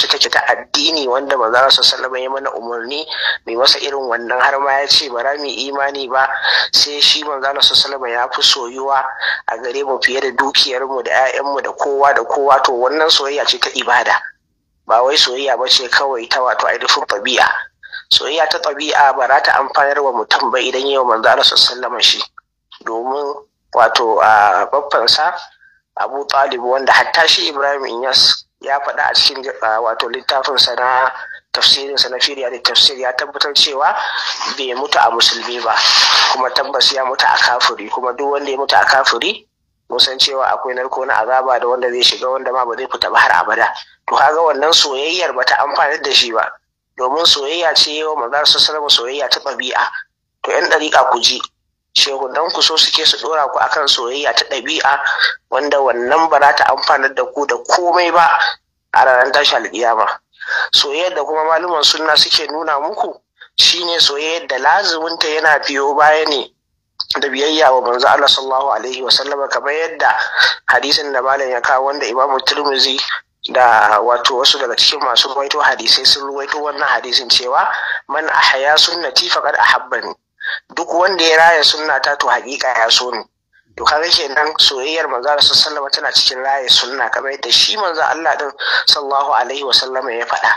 wacce take ta addini wanda manzo su sallama ya mana umarni mai masa irin wannan har ma ya ce bara mu imani ba sai shi manzo su sallama ya fi soyuwa a gare mu fiye da dukiyar mu da 'ya'yanmu da kowa da kowa to wannan soyayya ce ta ibada ba wai soyayya ba ce kawai ta wato ainihin tabi'a soyayya ta tabi'a ba za ta amfanar wa mutum ba idan yau manzo su sallama shi domin wato a sa abu talib wanda hatta shi ibrahim inyas ya faɗa a cikin wato littafinsa na tafsirinsa na firiya da tafsir ya tabbatar cewa bai mutu a musulmi ba kuma tabbas ya mutu a kafiri kuma duk wanda ya mutu a kafiri musan cewa akwai narko na azaba da wanda zai shiga wanda ma ba zai fita ba har abada to kaga wannan soyayyar bata amfani da shi ba domin soyayya ce yawa maza su sarrafa soyayya ta ɗabi'a to yan ɗariƙa ku ji Shehudan ku so suke su dora ku akan soyayya ta ɗabi'a wanda wannan ba za ta amfanar da ku da komai ba a ranar tashi alƙiyama soyayyar da kuma malaman sunna suke nuna muku shine soyayyar da lazuminta yana biyo baya ne da biyayya wa manzo Allah sallallahu alaihi wa sallama kamar yadda hadisin da malam ya kawo wanda Imam Tirmidhi da wato wasu daga cikin masu ruwaito hadisai sun ruwaito wannan hadisin cewa man ahya sunnati faqad ahabbani duk wanda ya raya sunna ta to hakika ya so ni to kaga kenan soyayyar manzo Allah sallallahu tana cikin raya sunna kamar yadda shi manzo Allah din sallallahu alaihi wa ya faɗa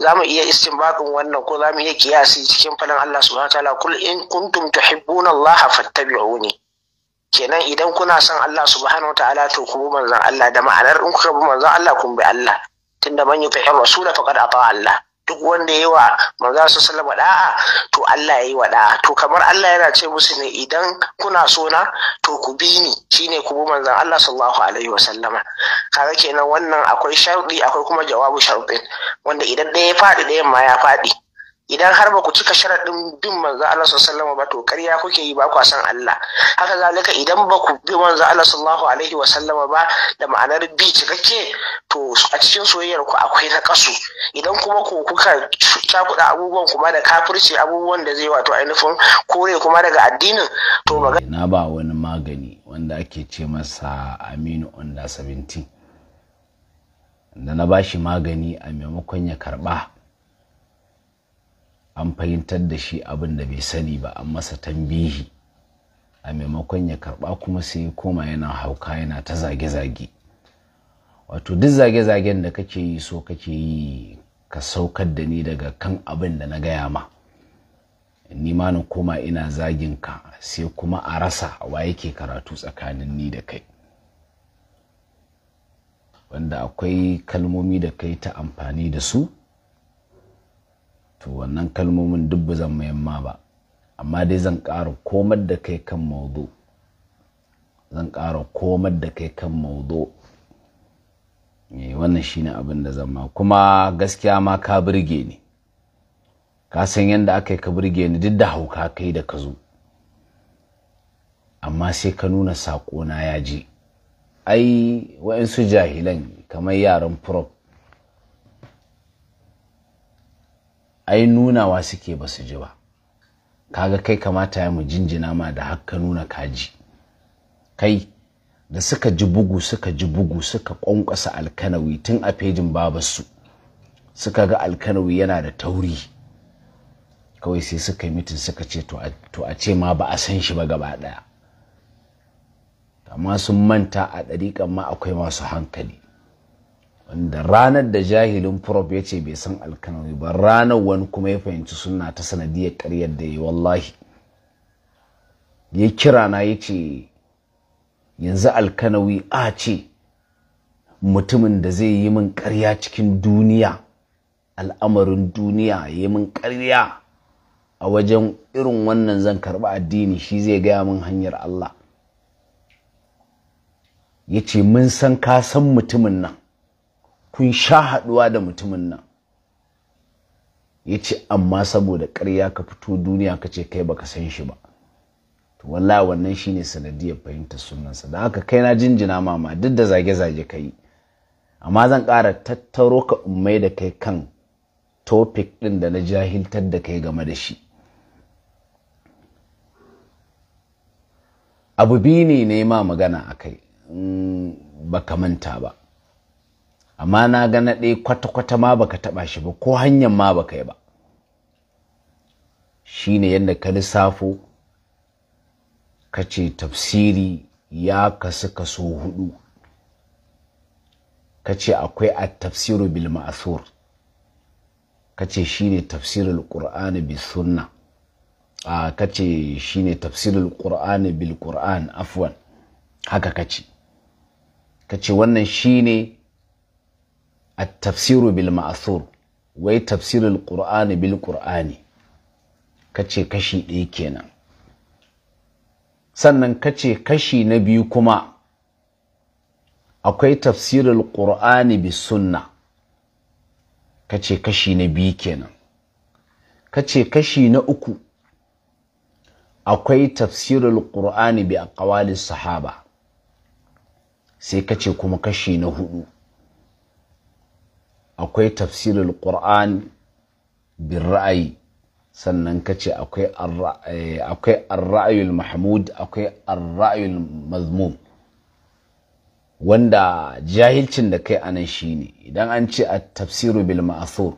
za mu iya istinbatin wannan ko za mu iya kiyasi cikin falan Allah subhanahu wataala kul in kuntum tuhibbuna Allah fattabi'uni kenan idan kuna son Allah subhanahu wataala to ku bi manzon Allah da ma'anar in kuka bi manzon Allah kun bi Allah tunda man yuti'ir rasula faqad ata Allah duk wanda ya yi wa maza su salama da'a to Allah ya yi wa da'a to kamar Allah yana ce musu ne idan kuna so na to ku bi ni shine ku bi manzon Allah sallallahu alaihi wa sallama kaga kenan wannan akwai sharɗi akwai kuma jawabu sharɗin wanda idan ɗaya ya faɗi ɗayan ma ya faɗi idan har ba ku cika sharaɗin bin manzo Allah sallallahu ba to ƙarya kuke yi ba ku san Allah haka zalika idan ba ku bi manzo Allah sallallahu alaihi wa sallama ba da ma'anar bi cikakke to a cikin soyayyar ku akwai na kasu idan kuma ku kuka cakuɗa abubuwan kuma da kafirci abubuwan da zai wato ainihin kore kuma daga addinin to magana na ba wani magani wanda ake ce masa Aminu Onda 17 da na bashi magani a maimakon ya karba an fahimtar da shi abin da bai sani ba an masa tambihi a maimakon ya karba kuma sai ya koma yana hauka yana ta zage-zage wato duk zage-zagen da kake yi so kake yi ka saukar da ni daga kan abin da na gaya ma ni ma na koma ina zagin ka sai kuma a rasa wa yake karatu tsakanin ni da kai wanda akwai kalmomi da kai ta amfani da su to wannan kalmomin duk ba zan mayamma ba amma dai zan ƙara komar da kai kan maudu zan ƙara komar da kai kan maudu eh, wannan shine abin da zan ma kuma gaskiya ma ka birge ni ka san yadda aka yi ka birge ni duk da hauka kai da ka zo amma sai ka nuna saƙona ya ji ai waɗansu jahilan kamar yaran prop ai nunawa suke ba su ji ba kaga kai kamata ya mu jinjina ma da haka nuna kaji kai da suka ji bugu suka ji bugu suka ƙwanƙwasa alkanawi tun a fejin babarsu suka ga alkanawi yana da tauri kawai sai suka yi mitin suka ce to a ce ma ba a san shi ba gaba ɗaya amma sun manta a ɗariƙan ma akwai masu hankali wanda ranar da jahilin prof ya ce bai san alkanawi ba ranar wani kuma ya fahimci suna ta sanadiyar karyar da yi wallahi ya kira na ya ce yanzu alkanawi a ce mutumin da zai yi min karya cikin duniya al'amarin duniya yi min karya a wajen irin wannan zan karɓi addini shi zai gaya min hanyar Allah ya ce mun san ka san mutumin nan kun sha haɗuwa da mutumin nan ya ce amma saboda karya ka fito duniya ka ce kai baka san shi ba to wallahi wannan shine sanadiyar fahimtar sunansa da haka kai na jinjina mama duk da zage-zage ka yi amma zan ƙara tattaro ka ummai da kai kan topic ɗin da na jahiltar da kai game da shi abu biyu ne ma magana a kai ba manta ba amma na ga na ɗaya kwata-kwata ma baka taɓa shi ba ko hanyar ma baka yi ba shi ne yadda ka lissafo ka ce tafsiri ya kasu kaso hudu ka ce akwai a tafsiru bil ma'asur ka ce shi ne al qur'ani bi sunna a ka ce shi ne al qur'ani bil kur'an afwan haka ka ce ka ce wannan shi ne at-tafsiru bil ma'thur wai tafsirul qur'ani bil qur'ani kace kashi ɗaya kenan sannan kace kashi na biyu kuma akwai tafsirul qur'ani bis sunna kace kashi na biyu kenan kace kashi na uku akwai tafsirul qur'ani bi aqwalis sahaba sai kace kuma kashi na hudu akwai tafsirul qur'an bin ra'ayi sannan ka ce akwai arra'ayul eh, mahmud akwai arra'ayul mazmum wanda jahilcin da kai anan shine idan an ce a tafsiru bil ma'asur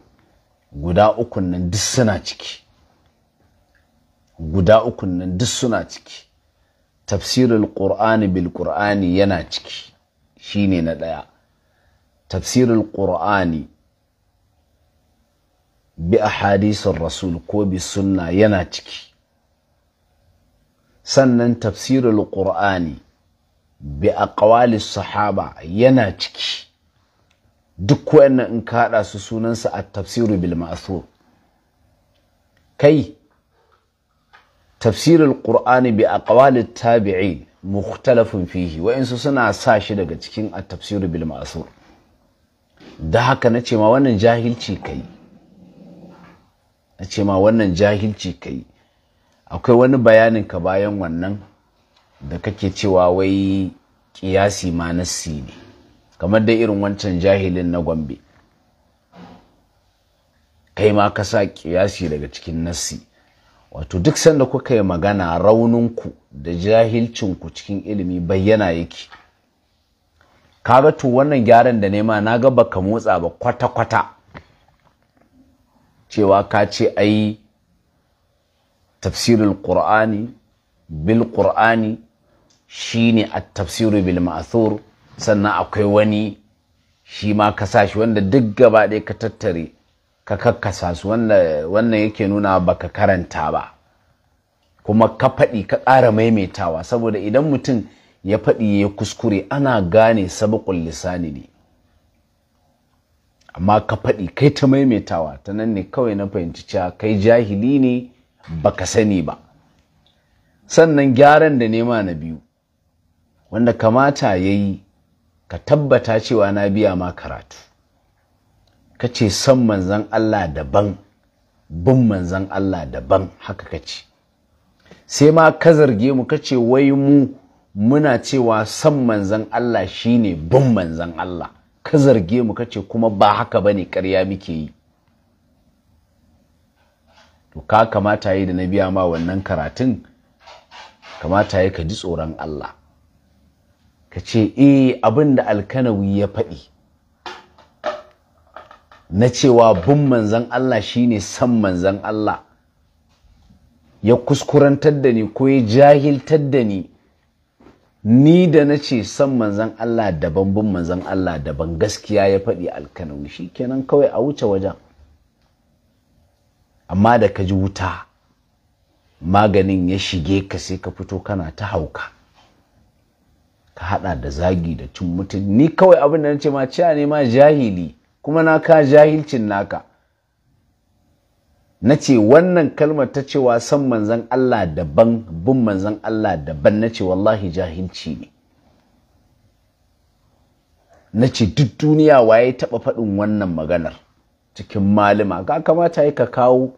guda ukun nan duk suna ciki guda ukun nan duk suna ciki tafsirul qur'ani bil qur'ani yana ciki shine na ɗaya تفسير القرآن بأحاديث الرسول كو بالسنة يناتك سنن تفسير القرآن بأقوال الصحابة يناتك duk wayannan in kaɗa su sunansa a tafsiru bil ma'asur kai tafsirul qur'ani bi aqwalit tabi'in mukhtalafun fihi wa'insu suna sa shi daga cikin a tafsiru bil da haka na ce ma wannan jahilci kai na ce ma wannan jahilci kai akwai wani bayanin ka bayan wannan da kake cewa wai kiyasi ma nassi ne kamar da irin wancan jahilin na gombe kai ma ka sa kiyasi daga cikin nassi wato duk sanda kuka yi magana rauninku da jahilcinku cikin ilimi bayyana yake kaga to wannan gyaran da nema na ga baka motsa ba kwata-kwata cewa ka ce ai tafsirul qur'ani bil qur'ani shine at tafsiru bil ma'thur sannan akwai wani shi ma ka sashi wanda duk gaba ɗaya ka tattare ka kakkasa su wannan yake nuna baka karanta ba kuma ka faɗi ka ƙara maimaitawa saboda idan mutum ya faɗi ya kuskure ana gane sabakon lisani ne amma ka faɗi kai ta maimaitawa ta nan ne kawai na fahimci cewa kai jahili ne baka sani ba sannan gyaran da nema na biyu wanda kamata ya yi ka tabbata cewa na biya ma karatu ka ce san manzan Allah daban bin manzan Allah daban haka ka ce sai ma ka zarge mu ka ce wai mu muna cewa san manzan Allah shine bin manzan Allah ka zarge mu ka ce kuma ba haka ba ne ƙarya muke yi to ka kamata yi da na biya ma wannan karatun kamata yi ka ji tsoron Allah ka ce eh abin da alkanawi ya faɗi na cewa bin manzan Allah shine san manzan Allah ya kuskurantar da ni ko ya jahiltar da ni ni da na ce san manzan Allah daban bin manzan Allah daban gaskiya ya faɗi alkanawi shi kenan kawai a wuce wajen amma da ka ji wuta maganin ya shige ka sai ka fito kana ta hauka ka haɗa da zagi da cin mutum ni kawai abin da na ce ma ciya ne ma jahili kuma na ka jahilcin naka na ce wannan kalmar ta cewa san manzan Allah daban bin manzan Allah daban na ce wallahi jahilci ne na ce duk duniya waye taɓa faɗin wannan maganar cikin malama ka kamata yi ka kawo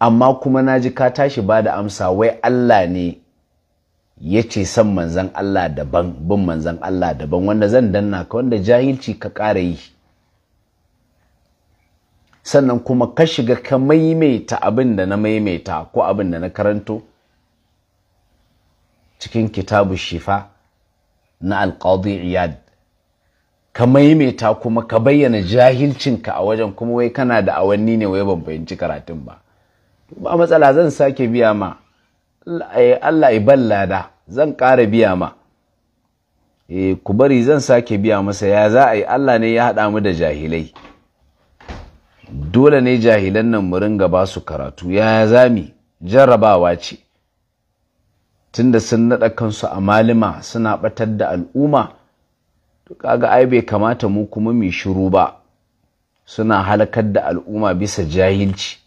amma kuma na ji ka tashi ba da amsa wai Allah ne ya ce san manzan Allah daban bin manzan Allah daban wanda zan danna ka wanda jahilci ka ƙara yi sannan kuma ka shiga ka maimaita abin da na maimaita ko abin da na karanto cikin kitabu shifa na alƙadi iyad ka maimaita kuma ka bayyana jahilcinka a wajen kuma wai kana da awanni ne wai ban fahimci karatun ba ba matsala zan sake biya ma eh, Allah ya lada zan ƙara biya ma e, ku bari zan sake biya masa ya za a yi Allah ne ya haɗa mu da jahilai dole ne jahilan nan mu ringa ba su karatu yaya zami jarrabawa ce tunda sun naɗa kansu a malima suna ɓatar da al'umma to kaga ai bai kamata mu kuma mu shiru ba suna halakar da al'umma bisa jahilci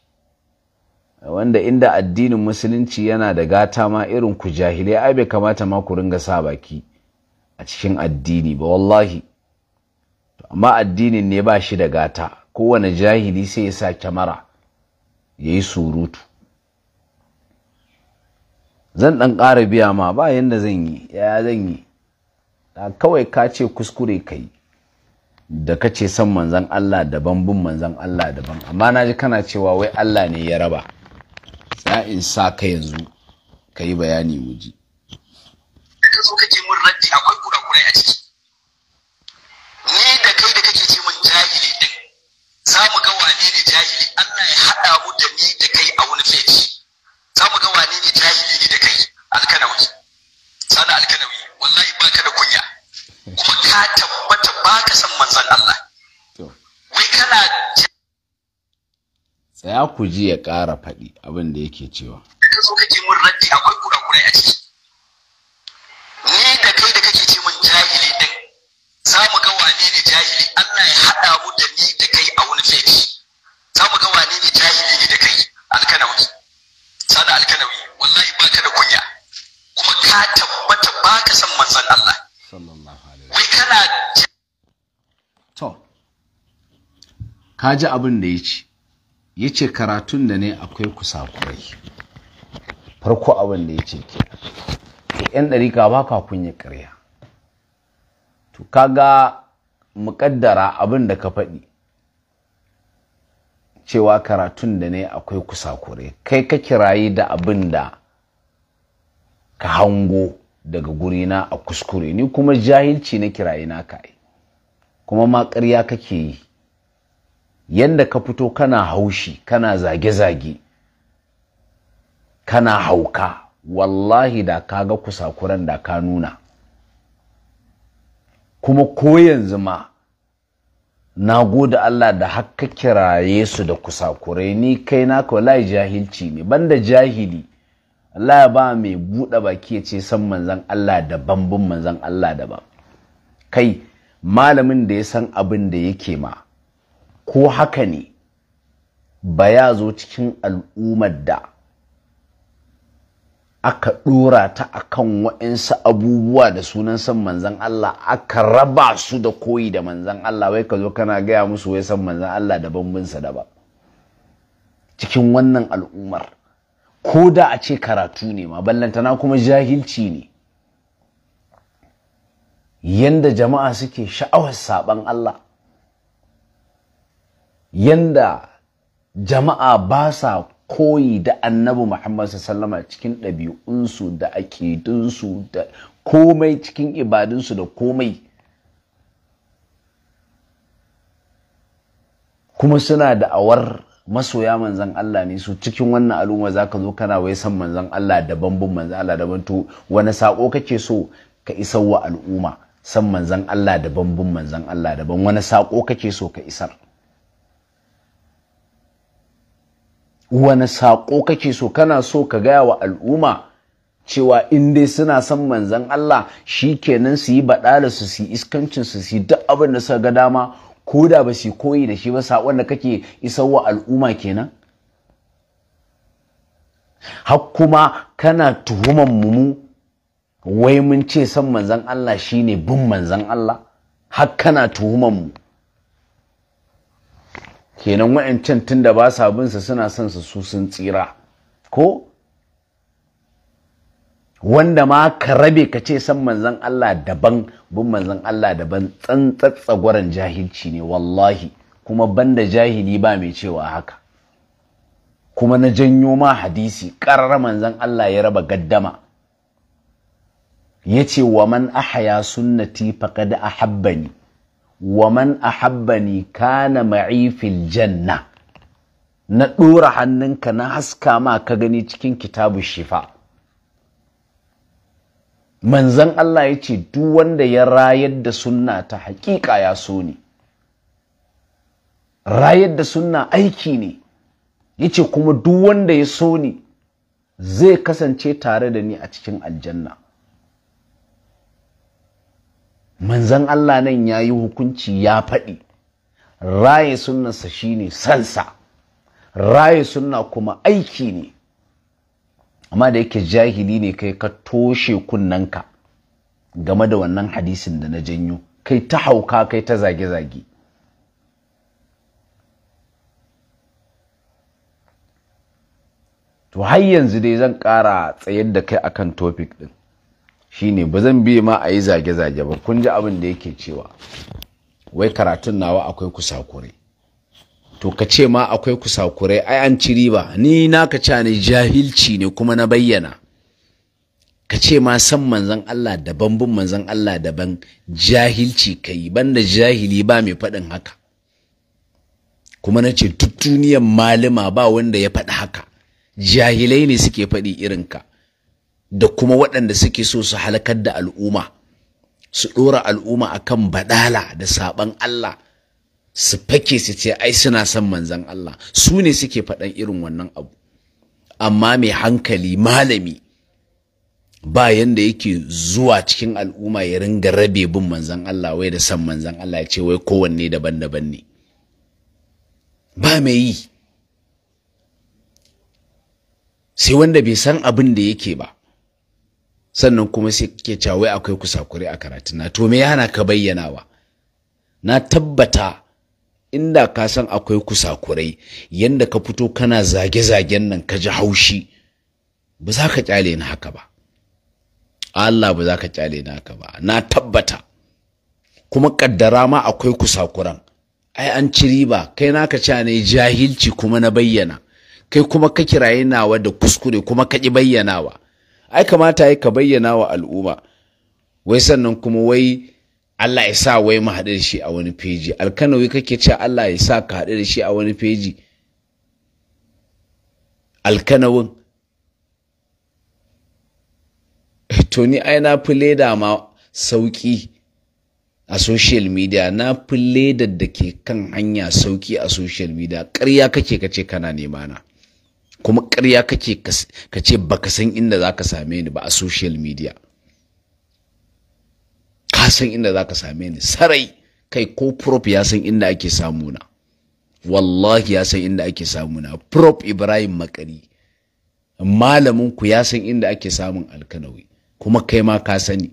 wanda inda addinin musulunci yana da gata ma irin ku jahilai ai bai kamata ma ku ringa sa baki a cikin addini ba wallahi amma addinin ne ba shi da gata kowane jahili sai ya sa kyamara ya yi surutu zan ɗan ƙara biya ma ba yadda zan yi Yaya zan yi kawai ka ce kuskure ka yi da ka ce son manzan Allah daban bin manzan Allah daban amma na ji kana cewa wai Allah ne ya raba ya in sa ka yanzu ka yi bayani muji da ka zo kake mun raddi akwai kurakurai a ciki ni da kai da za mu ga wane ne jahili Allah ya haɗa mu da ni da kai a wani feji za mu ga wane ne jahili ni da kai alkanawi sana alkanawi wallahi baka da kunya kuma ka tabbata baka san manzon Allah wai kana tsaya ku ji ya ƙara faɗi abin da yake cewa ka zo kake mun raddi akwai kurakurai a ciki ni da kai da kake ce mun za mu ga wane ne jahili Allah ya haɗa mu da ni da kai a wani feji za mu ga wane ne jahili ne da kai alkanawi sana alkanawi wallahi baka da kunya kuma ka tabbata baka san manzon Allah wai kana to ka ji abin da ya ce ya ce karatun da ne akwai kusakurai farko abin da ya ce ke 'yan ɗari ba ka kunya ƙarya to kaga muƙaddara abin da ka faɗi cewa karatun da ne akwai kusakure kai ka kirayi da abin da ka hango daga gurina a kuskure ni kuma jahilci na kirayi na kai kuma ma ƙarya kake yi Yadda ka fito kana haushi kana zage-zage kana hauka wallahi da kaga kusakuren da ka nuna kuma ko yanzu ma na gode Allah da haka kiraye su da kusakurai ni kai na wallahi jahilci ne banda jahili Allah ba mai buɗe baki ya ce san manzan Allah da bambun manzan Allah da daban kai malamin da ya san abin da yake ma ko haka ne ba ya zo cikin al'ummar da aka ɗora ta akan waɗansu abubuwa da sunan san manzan Allah aka raba su da koyi da manzan Allah wai ka zo kana gaya musu wai san manzan Allah da bambinsa da ba cikin wannan al'ummar ko da a ce karatu ne ma ballantana kuma jahilci ne yanda jama'a suke sha'awar saɓan Allah yanda jama'a ba sa koyi da annabi Muhammad sallama cikin ɗabi'unsu da aƙidunsu da komai cikin ibadunsu da komai kuma suna da awar masoya manzan Allah ne su cikin wannan al'umma za ka zo kana wai san manzan Allah daban bin manzan Allah daban to wani sako kake so ka isar wa al'umma san manzan Allah daban bin manzan Allah daban wani sako kake so ka isar wani saƙo kake so kana so ka gaya wa al'umma cewa in dai suna son manzan Allah shi kenan su yi baɗala su su iskancin su su duk abin da suka ga dama ko da ba su koyi da shi ba saƙon da kake isar wa al'umma kenan har kuma kana tuhuman mu wai mun ce son manzan Allah shine bin manzan Allah har kana tuhuman mu kenan wa'ancan da ba sa binsa suna son su su sun tsira ko wanda ma ka rabe ka ce san manzan Allah daban bin manzan Allah daban tsantsatsagwaran jahilci ne wallahi kuma banda jahili ba mai cewa haka kuma na janyo ma hadisi ƙarar manzan Allah ya raba gaddama ya ce wa man ahaya sunnati faqad ahabbani Waman a ahabbani kana ma'i fil janna na ɗora hannunka na haska ma ka gani cikin kitabu shifa manzan Allah ya ce duk wanda ya rayar da sunna ta hakika ya so ne rayar da sunna aiki ne ya ce kuma duk wanda ya so ne zai kasance tare da ni a cikin aljanna manzan Allah nan ya yi hukunci ya faɗi raye shi shine sansa raye sunna kuma aiki ne amma da yake jahili ne kai ka toshe kunnanka game da wannan hadisin da na janyo kai ta hauka kai ta zage-zage to har yanzu dai zan ƙara tsayar da kai akan topic din? shine ba zan biye ma a yi zage-zage ba kun ji abin da yake cewa wai karatun nawa akwai kusakurai to ka ce ma akwai kusakurai ai an ci riba ni na ka ne jahilci ne kuma na bayyana ka ce ma san manzan Allah daban bin manzan Allah daban jahilci kai banda jahili ba mai faɗin haka kuma na ce duk malima malama ba wanda ya faɗi haka jahilai ne suke faɗi irinka da kuma waɗanda suke so su halakar da al'umma su ɗora al'umma akan baɗala da saɓan Allah su fake su ce ai suna son manzan Allah su ne suke faɗan irin wannan abu amma mai hankali malami ba yanda yake zuwa cikin al'umma ya ringa rabe bin manzan Allah wai da son manzan Allah ya ce wai kowanne daban-daban ne ba mai yi sai wanda bai san abin da yake ba sannan kuma sai ke cewa wai akwai kusakuri a karatun na to me ya hana ka bayyanawa na tabbata inda ka san akwai kusakurai yanda ka fito kana zage-zagen nan ka ji haushi ba za ka kyale ni haka ba Allah ba za ka kyale ni haka ba na tabbata kuma kaddara ma akwai kusakuran ai an ci riba kai naka ca ne jahilci kuma na bayyana kai kuma ka kiraye nawa da kuskure kuma ka ƙi bayyanawa ai kamata ya ka bayyana wa al'umma wai sannan kuma wai Allah ya sa wai mu haɗu da shi a wani feji alkanawi kake cewa Allah ya sa ka haɗu da shi a wani feji alkanawin eh, to ni ai na fi leda ma sauki a social media na fi ledar da ke kan hanya sauki a social media ƙarya kake kace kana nema na kuma karya kake ka ce baka san inda za ka same ni ba a social media ka san inda za ka same ni sarai kai ko prop ya san inda ake samuna wallahi ya san inda ake samuna prop ibrahim makari malamin ku ya san inda ake samun alkanawi kuma kai ma ka sani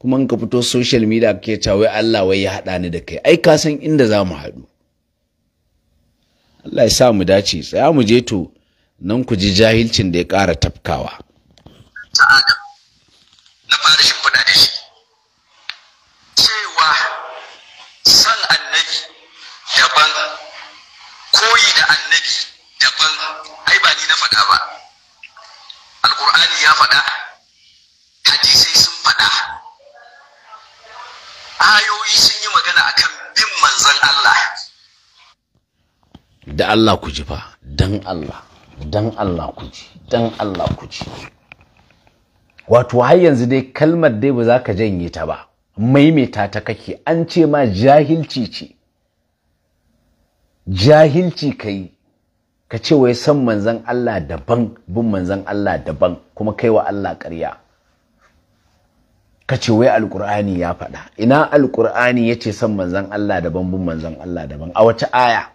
kuma ka fito social media kake cewa wai Allah wai ya haɗa ni da kai ai ka san inda za mu haɗu Allah ya sa mu dace tsaya mu je to nan ku ji jahilcin da ya ƙara tafkawa ta adam na fara shimfiɗa da shi cewa san annabi daban koyi da annabi daban ai ba ni na faɗa ba alƙur'ani ya faɗa hadisai sun faɗa ayoyi sun yi magana akan bin manzon Allah da Allah ku ji fa dan Allah dan Allah ku ji dan Allah ku ji wato har yanzu dai kalmar dai ba za ka janye ta ba maimaita ta kake an ce ma jahilci ce jahilci ka yi ka ce wai san manzan Allah daban bin manzan Allah daban kuma kai wa Allah ƙarya ka ce wai alƙur'ani ya faɗa ina alƙur'ani ya ce san manzan Allah daban bin manzan Allah daban a wata aya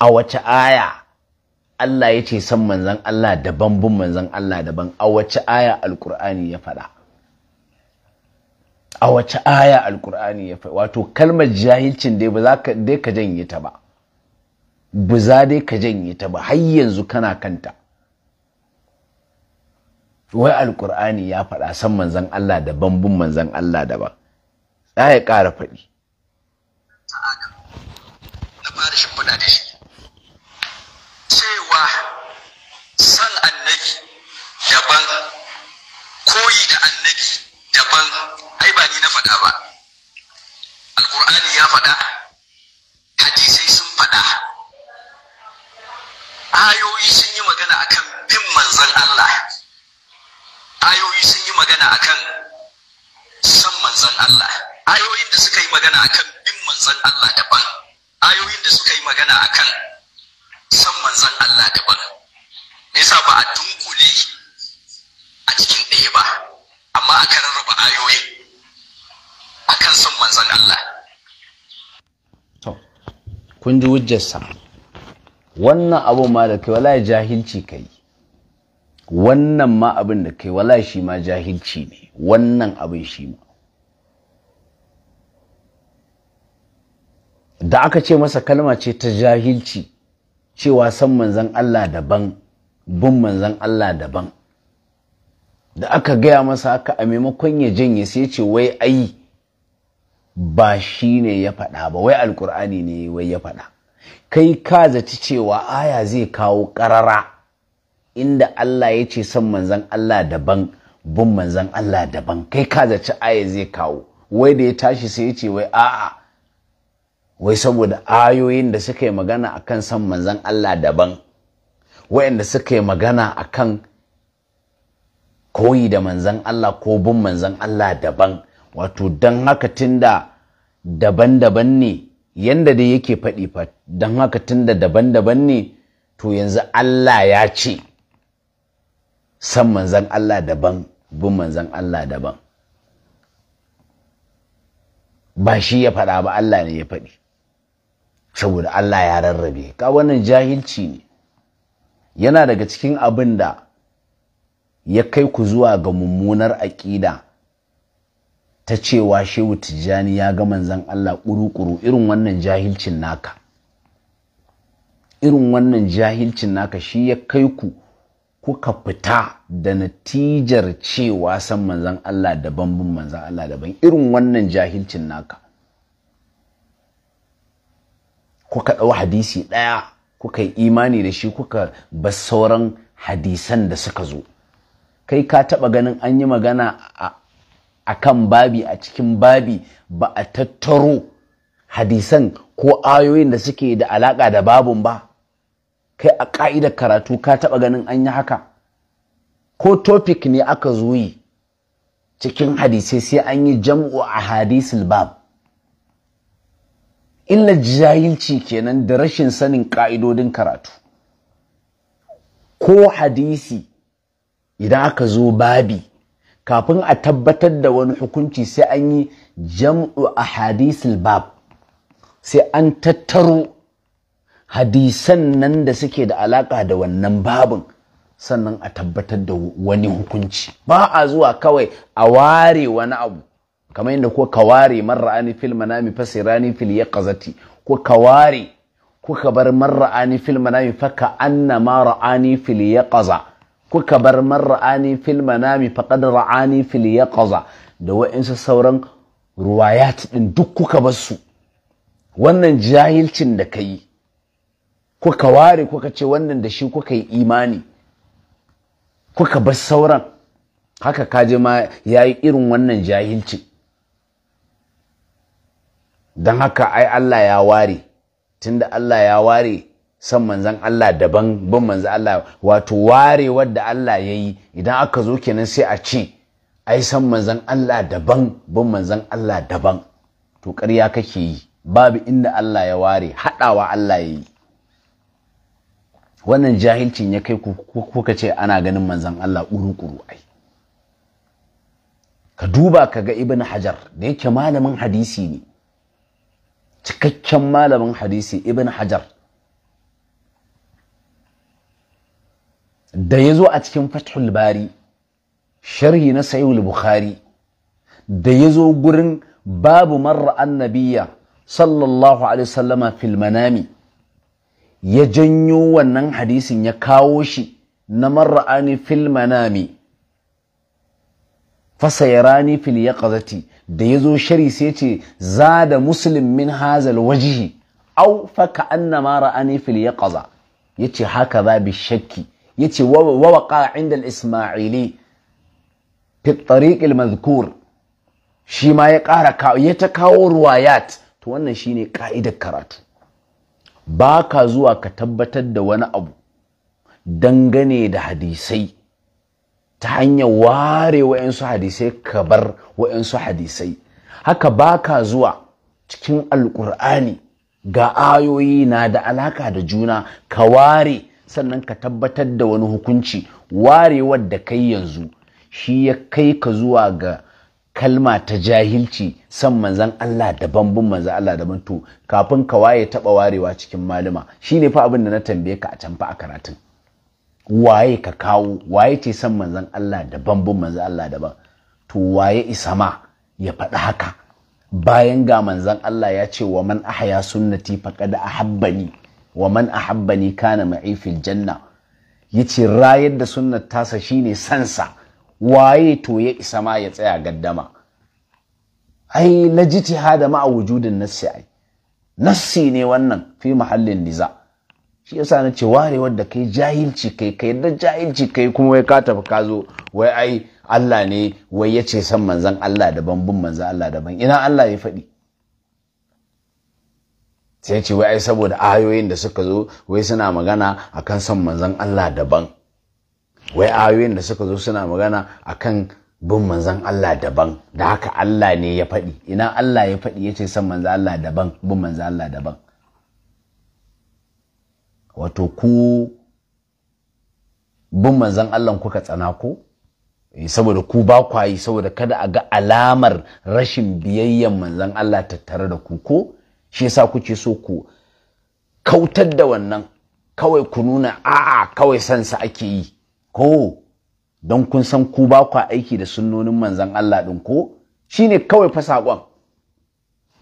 a wace aya Allah ya ce san manzan Allah daban bin manzan Allah daban a wace aya alkur'ani ya faɗa a wace aya alkur'ani ya faɗa wato kalmar jahilcin dai ba za ka dai ka janye ta ba ba za dai ka janye ta ba har yanzu kana kanta wai alkur'ani ya faɗa san manzan Allah daban bin manzan Allah daban za ya ƙara faɗi na fara da shi san annabi daban koyi da annabi daban ai ba ni na faɗa ba alkur'ani ya faɗa hadisai sun faɗa ayoyi sun yi magana akan bin manzan Allah ayoyi sun yi magana akan san manzan Allah ayoyin da suka yi magana akan bin manzan Allah daban ayoyin da suka yi magana akan san manzan Allah daban me yasa ba a dunkule a cikin ɗaya ba amma aka rarraba ayoyi akan son manzon Allah to kun ji hujjarsa wannan abu ma da kai wallahi jahilci kai wannan ma abin da kai wallahi shi ma jahilci ne wannan abin shi ma da aka ce masa kalma ce ta jahilci cewa san manzon Allah daban bin manzan Allah daban da aka gaya masa haka a maimakon ya janye sai ce wai ai ba shi ne ya faɗa ba wai alkur'ani ne wai ya faɗa kai ka zaci cewa aya zai kawo ƙarara inda Allah ya ce son manzan Allah daban bin manzan Allah daban kai ka zaci aya zai kawo wai da ya tashi sai ya ce wai a'a wai saboda ayoyin da suka yi magana akan son manzan Allah daban wayanda suka yi magana a kan koyi da manzan Allah ko bin manzan Allah daban wato don haka tunda daban-daban ne yadda dai yake faɗi fa don haka tunda daban-daban ne to yanzu Allah ya ce san manzan Allah daban bin manzan Allah daban ba shi ya faɗa ba Allah ne ya faɗi saboda Allah ya rarrabe ka wannan jahilci ne yana daga cikin abin da ya kai ku zuwa ga mummunar aƙida ta cewa shehu tijjani ya ga manzan Allah ƙuru irin wannan jahilcin naka irin wannan jahilcin naka shi ya kai ku kuka fita da natijar cewa san manzan Allah daban bin manzan Allah daban irin wannan jahilcin naka kuka ɗau hadisi ɗaya kuka yi imani da shi kuka ba sauran hadisan da suka zo kai ka taɓa ganin an yi magana a kan babi a cikin babi ba a tattaro hadisan ko ayoyin da suke da alaƙa da babun ba kai a ƙa'idar karatu ka taba ganin an yi haka ko topic ne aka zo yi cikin hadisai sai an yi jam'u a hadisul bab illa jahilci kenan da rashin sanin ƙa'idodin karatu ko hadisi idan aka zo babi kafin a tabbatar da wani hukunci sai an yi jam'u a hadisul bab sai an tattaro hadisan nan da suke da alaƙa da wannan babin sannan a tabbatar da wani hukunci ba a zuwa kawai a ware wani abu kamar yadda ko ka ware marra ani fil manami fasirani fil yaqazati ko ka ware kuka bar marra ani fil manami faka anna ma ra'ani fil yaqaza ka bar marra ani fil manami faqad ra'ani fil yaqaza da wa'insu sauran ruwayat din duk kuka bar su wannan jahilcin da kai ka ware kuka ce wannan da shi kuka yi imani kuka bar sauran haka kaje ma yayi irin wannan jahilcin don haka ai Allah ya ware tunda Allah ya ware san manzan Allah daban ban manzan Allah wato ware wadda Allah ya yi idan aka zo kenan sai a ce ai san manzan Allah daban ban manzan Allah daban to ƙarya kake yi babu inda Allah ya ware haɗawa Allah ya yi wannan jahilcin ya kai kuka ce ana ganin manzan Allah ƙuru-ƙuru ai ka duba ka ga ibn hajar da yake malamin hadisi ne cikakken malamin hadisi ibn hajar da ya zo a cikin fathul bari sharhi na sayul bukhari da ya zo gurin babu marra annabiya sallallahu alaihi wasallama fil manami ya janyo wannan hadisin ya kawo shi na marra'ani fil manami fasayarani fil yaqazati da ya zo shari sai ce za da muslim min hazal wajihi au faka anna ma ra'ani fil yaqaza yace haka za bi shakki yace wa waqa inda al-isma'ili fi tariq al-madhkur shi ma ya ƙara kawo ya ta kawo ruwayat to wannan shine ka'idar karatu ba ka zuwa ka tabbatar da wani abu dangane da hadisai ta hanyar ware wa'yansu hadisai ka bar wa'yansu hadisai haka baka zuwa cikin alkur'ani ga ayoyi na da alaka da juna ka ware sannan ka tabbatar da wani hukunci warewar da kai yanzu shi ya kai ka zuwa ga kalma ta jahilci san manzan Allah daban bin manzan Allah daban to kafin ka waye taba warewa cikin malama ne fa abin da na tambaye ka a can fa a karatun waye ka kawo waye ce san manzan Allah daban bambun manzan Allah daban to waye isa ma ya faɗi haka bayan ga manzan Allah ya ce wa man ahya sunnati faqad ahabbani wa man ahabbani kana ma'i fil janna yace rayar da sunnar tasa shine sansa waye to ya isa ma ya tsaya gaddama ai hada ma a wujudin nassi ai nassi ne wannan fi mahallin niza' shi yasa na ce warewar da kai jahilci kai kai da jahilci kai kuma wai ka tafi ka zo wai ai Allah ne wai ya ce san manzan Allah daban bin manzan Allah daban ina Allah ya faɗi sai ce wai ai saboda ayoyin da suka zo wai suna magana akan san manzan Allah daban wai ayoyin da suka zo suna magana akan bin manzan Allah daban da haka Allah ne ya faɗi ina Allah ya faɗi yace ce san manzan Allah daban bin manzan Allah daban wato ku bin manzan Allah kuka tsana ko eh, saboda ku ba kwayi saboda kada a ga alamar rashin biyayyan manzan Allah tattare da ku ko shi yasa kuke so ku kautar da wannan kawai ku nuna a'a kawai sansa ake yi ko don kun san ku ba kwa aiki da sunnonin manzan Allah ɗin ko shine kawai fa saƙon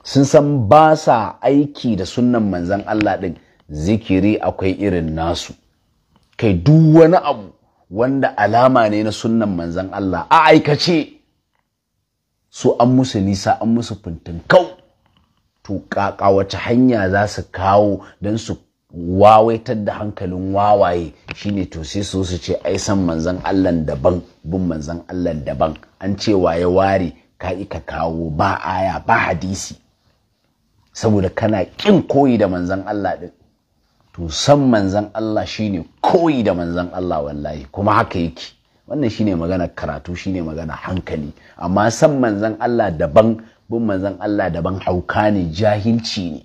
sun san ba sa aiki da sunnan manzan Allah ɗin zikiri akwai irin nasu kai duk wani abu wanda alama ne na sunnan manzan Allah a aikace su an musu nisa an musu fintin kau to kaka wace hanya za su kawo don su wawaitar da hankalin wawaye shine to sai su su ce ai san manzan Allah daban bin manzan Allah daban an ce waye ware ka ika kawo ba aya ba hadisi saboda kana kin koyi da manzan Allah din to san manzan Allah shine koyi da manzan Allah wallahi kuma haka yake wannan shine magana karatu shine magana hankali amma san manzan Allah daban bin manzan Allah daban hauka ne jahilci ne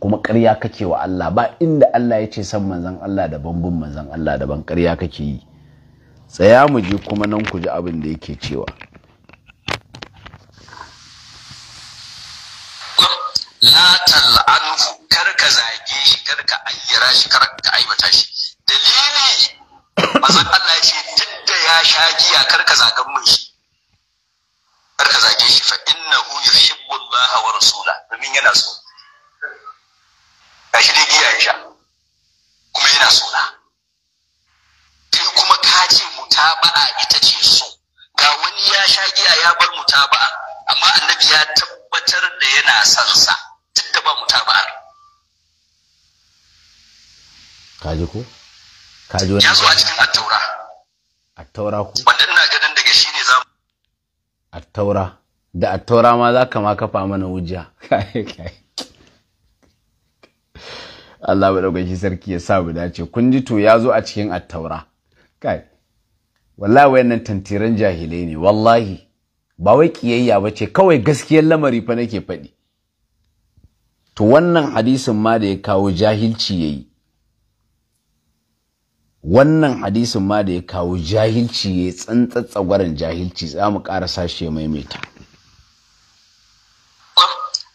kuma ƙarya kake wa Allah ba inda Allah ya ce san manzan Allah daban bin manzan Allah daban karya kake yi tsaya mu je kuma nan ku ji abin da yake cewa la tal'anhu kar ka zage shi kar ka ayyara shi kar ka aibata shi dalili manzon Allah ya ce duk da ya sha giya kar ka zagan mun shi kar ka zage shi fa innahu yuhibbu Allah wa rasula domin yana so gashi dai giya ya sha kuma yana so na kai kuma ka ce mutaba'a ita ce so ga wani ya sha giya ya bar mutaba'a amma annabi ya tabbatar da yana son sa duk da ba Ka kaji ko kaji wani ya zo a cikin attaura attaura ko Wannan ina ganin daga shi ne za attaura da attaura ma za ka ma kafa mana hujja Allah bai ɗaukaki sarki ya sa mu dace kun ji to ya zo a cikin attaura kai wallahi wayannan tantiran jahilai ne wallahi ba wai kiyayya ba ce kawai gaskiyar lamari fa nake faɗi to wannan hadisin ma da ya kawo jahilci ya yi wannan hadisin ma da ya kawo jahilci ya yi tsantsatsagwaran jahilci za mu ƙara sashe maimaita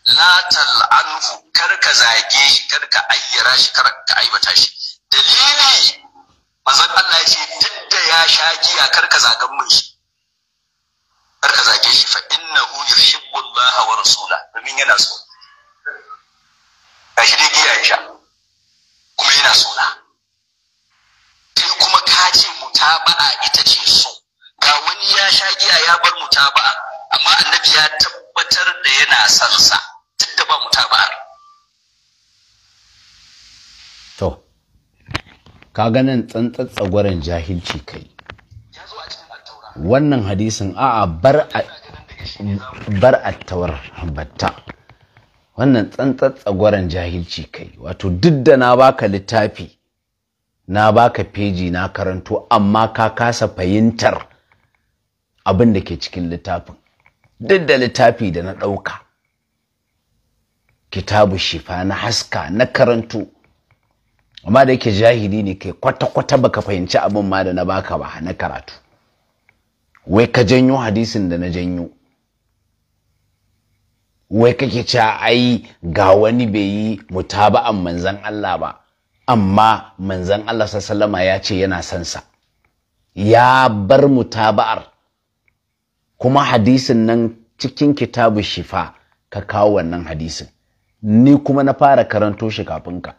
la tal'anhu kar ka zage shi kar ka ayyara shi kar ka aibata shi dalili manzon Allah ya ce duk da ya sha giya kar ka zagan mun shi kar ka zage shi fa hu yuhibbu Allah wa rasula domin yana so shi dai giya sha kuma yana so na kai kuma ka ce mutaba'a ita ce so ga wani ya sha giya ya bar mutaba'a amma annabi ya tabbatar da yana son sa duk da ba mutaba'a to ka ganin tsantsatsa gwaran jahilci kai wannan hadisin a'a bar attawar batta wannan tsantsar jahilci kai wato duk da na baka littafi na baka feji na karanto amma ka kasa fahimtar abin da ke cikin littafin duk da littafi da na ɗauka kitabu shifa na haska na karanto amma da yake jahili ne kai kwata-kwata baka fahimci abin ma da na baka ba na karatu wai ka janyo hadisin da na janyo wai kake cewa ai ga wani bai yi mutaba'an manzan Allah ba amma manzan Allah sallama ya ce yana sansa ya bar mutaba'ar kuma hadisin nan cikin kitabu shifa ka kawo wannan hadisin ni kuma na fara karanto shi kafin ka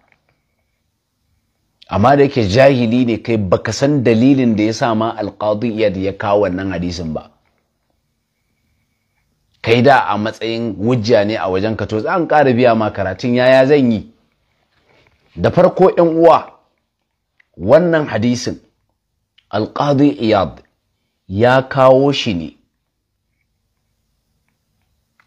amma da yake jahili ne kai baka san dalilin da ya sa ma iya da ya kawo wannan hadisin ba kai da a matsayin wujja ne a wajen ka to an ƙara biya ma karatun yaya zan yi da farko yan uwa wannan hadisin alƙadu iyad ya kawo shi ne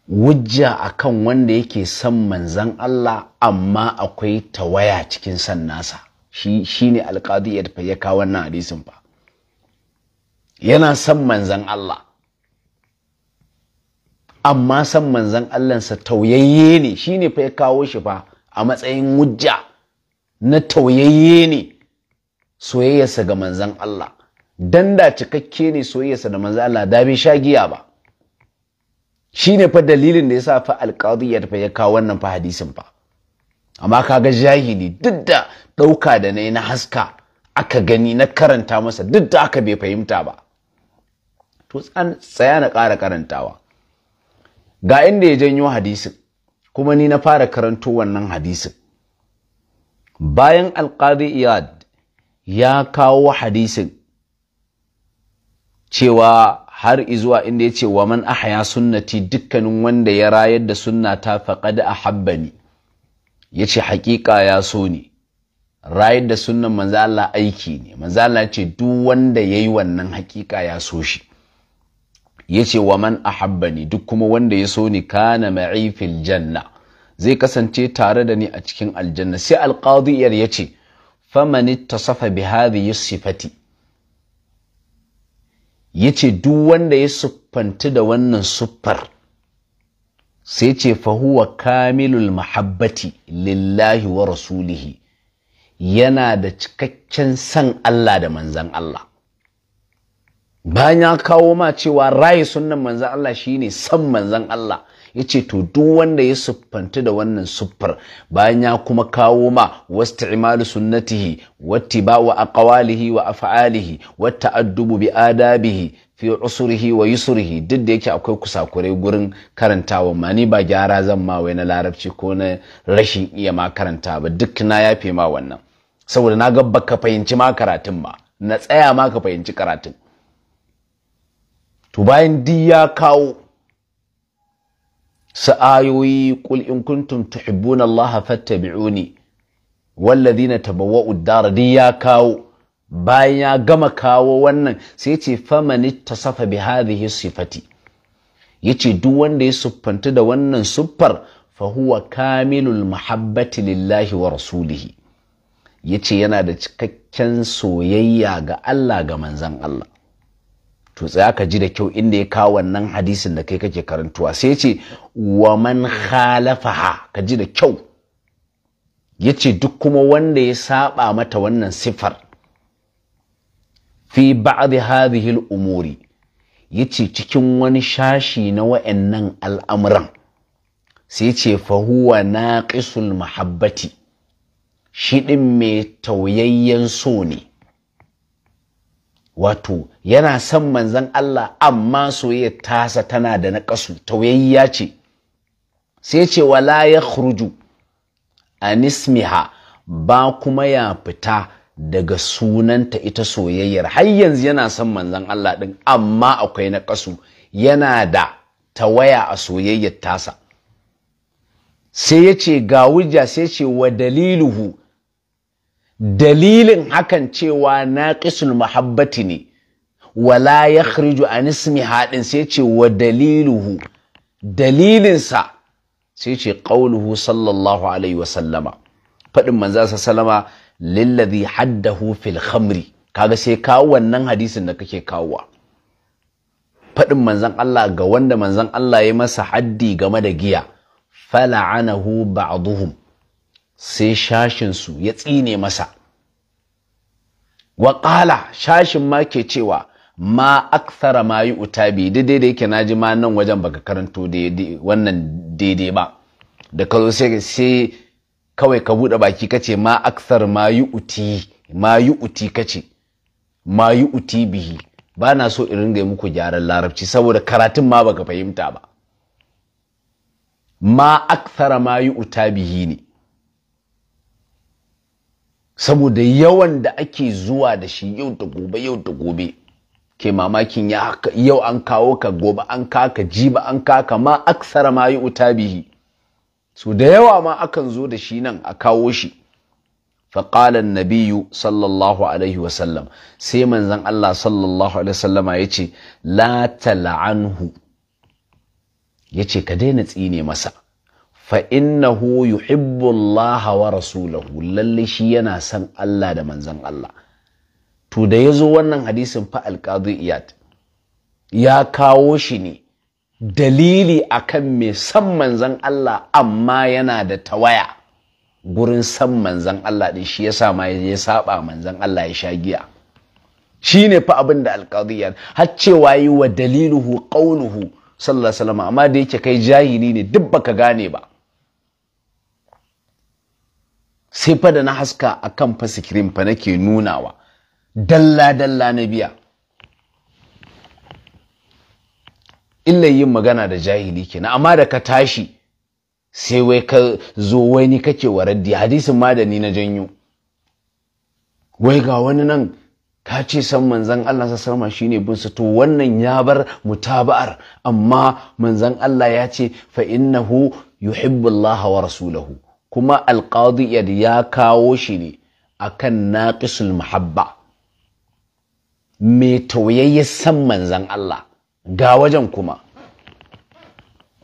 wujja akan wanda yake son manzan Allah amma akwai tawaya cikin san nasa shi shine alƙadu ya fa ya kawo wannan hadisin fa yana san manzan Allah amma san manzan Allahnsa tauyayye ne shine fa ya kawo shi fa a matsayin wujja na tauyayye ne soyayyarsa ga manzan Allah dan da cikakke ne soyayyarsa da manzan Allah da bai sha giya ba ne fa dalilin da ya sa fa alƙadu ya fa ya kawo wannan fa hadisin fa amma kaga jahili duk da ɗauka da na na haska aka gani na karanta masa duk da aka bai fahimta ba to tsaya na ƙara karantawa ga inda ya janyo hadisin kuma ni na fara karanto wannan hadisin bayan alƙadi iyad ya kawo hadisin cewa har izuwa inda ya ce wa man ahaya sunnati dukkanin wanda ya rayar da sunna sunnata faqad ahabbani ya ce haƙiƙa ya so ne rayar da sunan manzo aiki ne manzo ce duk wanda yayi wannan haƙiƙa ya so shi Ya ce wa man ahabbani duk kuma wanda ya so ni kana ma'i fil janna zai kasance tare da ni a cikin aljanna sai alqadiyar yace faman ittasafa bi hadhihi sifati ce duk wanda ya siffanti da wannan siffar sai ce fahuwa kamilul mahabbati lillahi wa rasulihi yana da cikakken san Allah da manzan Allah bayan kawo ma cewa raye sunan manzan Allah shine san manzan Allah ya ce to duk wanda ya siffanta da wannan siffar bayan ya kuma kawo ma wasti'malu sunnatihi wattiba'u aqwalihi wa af'alihi wa ta'addubu bi adabihi fi usurihi wa yusurihi duk da yake akwai kusakurai gurin karanta ma ni ba gyara zan ma wai na larabci ko na rashin iya ma karanta ba duk na yafe ma wannan saboda na ga baka fahimci ma karatun ba na tsaya ma ka fahimci karatun to bayan duk ya kawo Sa'ayoyi ayoyi kul in kuntum tuhibbuna allaha fattabi'uni wallazina tabawwa'u ad dara duk ya kawo bayan ya gama kawo wannan sai ce famani tasafa bi hadhihi sifati yace duk wanda ya siffanta da wannan siffar fahuwa huwa kamilul mahabbati lillahi wa rasulihi yace yana da cikakken soyayya ga Allah ga manzan Allah to kaji aka ji da kyau inda ya kawo wannan hadisin da kai kake karantuwa sai ce wa man khalafaha ka ji da kyau yace duk kuma wanda ya saba mata wannan siffar fi ba'adi hadhihi al-umuri yace cikin wani shashi na wa'annan al'amuran sai ce fa huwa naqisul mahabbati shi din mai tauyayyen so ne wato yana son manzan Allah amma soyayya tasa tana da naƙasu tauyayya ce sai ce wala ya khruju anismiha ba kuma ya fita daga sunanta ita soyayyar har yanzu yana son manzon Allah ɗin amma akwai na ƙasu yana da tawaya a soyayyar tasa sai ya ce ga wujja sai ce wa daliluhu dalilin hakan cewa na ƙisul mahabbati ne wala ya kharju a nismi haɗin sai ce wa daliluhu dalilinsa sai ce ƙaunuhu sallallahu alaihi wasallama faɗin manzansa sallama lillazi haddahu fil khamri kaga sai kawo wannan hadisin da kake kawowa faɗin manzon Allah ga wanda manzon Allah ya masa haddi game da giya fala'anahu ba'duhum sai shashin su ya tsine masa wa qala shashin ma ke cewa ma akthara ma yi utabi daidai da yake naji ma nan wajen baka karanto wannan daidai ba da kazo sai kawai ka buɗe baki kace ma aksar ma uti ma ka ce ma uti bihi ba na so in ringa muku gyaran larabci saboda karatun ma baka fahimta ba ma aksar ma uta bihi ne saboda yawan da ake zuwa da shi yau da gobe yau da gobe ke mamakin yau an kawo ka gobe an kaka jiba an kaka ma aksara ma uta bihi su da yawa ma akan zo da shi nan a kawo shi faƙalan nabiyu sallallahu alaihi wasallam sai manzan Allah sallallahu alaihi wasallama ya ce latala'anhu ya ce ka daina tsine masa fa'innahu yuhibbu Allah wa rasulahu lalle shi yana son Allah da manzan Allah to da ya zo wannan hadisin fa alƙadu iyad ya kawo shi ne dalili akan mai san manzan Allah amma yana da tawaya gurin san manzan Allah ɗin shi ya sa ma ya saba manzan Allah ya sha giya Shi ne fa abin da alƙadiyar har cewa yi wa daliluhu ƙaunuhu sallallahu alaihi amma da yake kai jahili ne duk baka gane ba sai fa da na haska akan fa fa nake nunawa dalla dalla na biya illa yin magana da jahili kenan amma da ka tashi sai wai ka zo wani kake wa raddi hadisin ma da ni na janyo wai ga wani nan ka ce san manzan Allah sa shi shine bin wannan ya bar mutaba'ar amma manzan Allah ya ce fa innahu yuhibbu Allah wa rasulahu kuma alqadi ya kawo shi ne akan naqisul muhabba me tauyayye san manzan Allah ga wajen kuma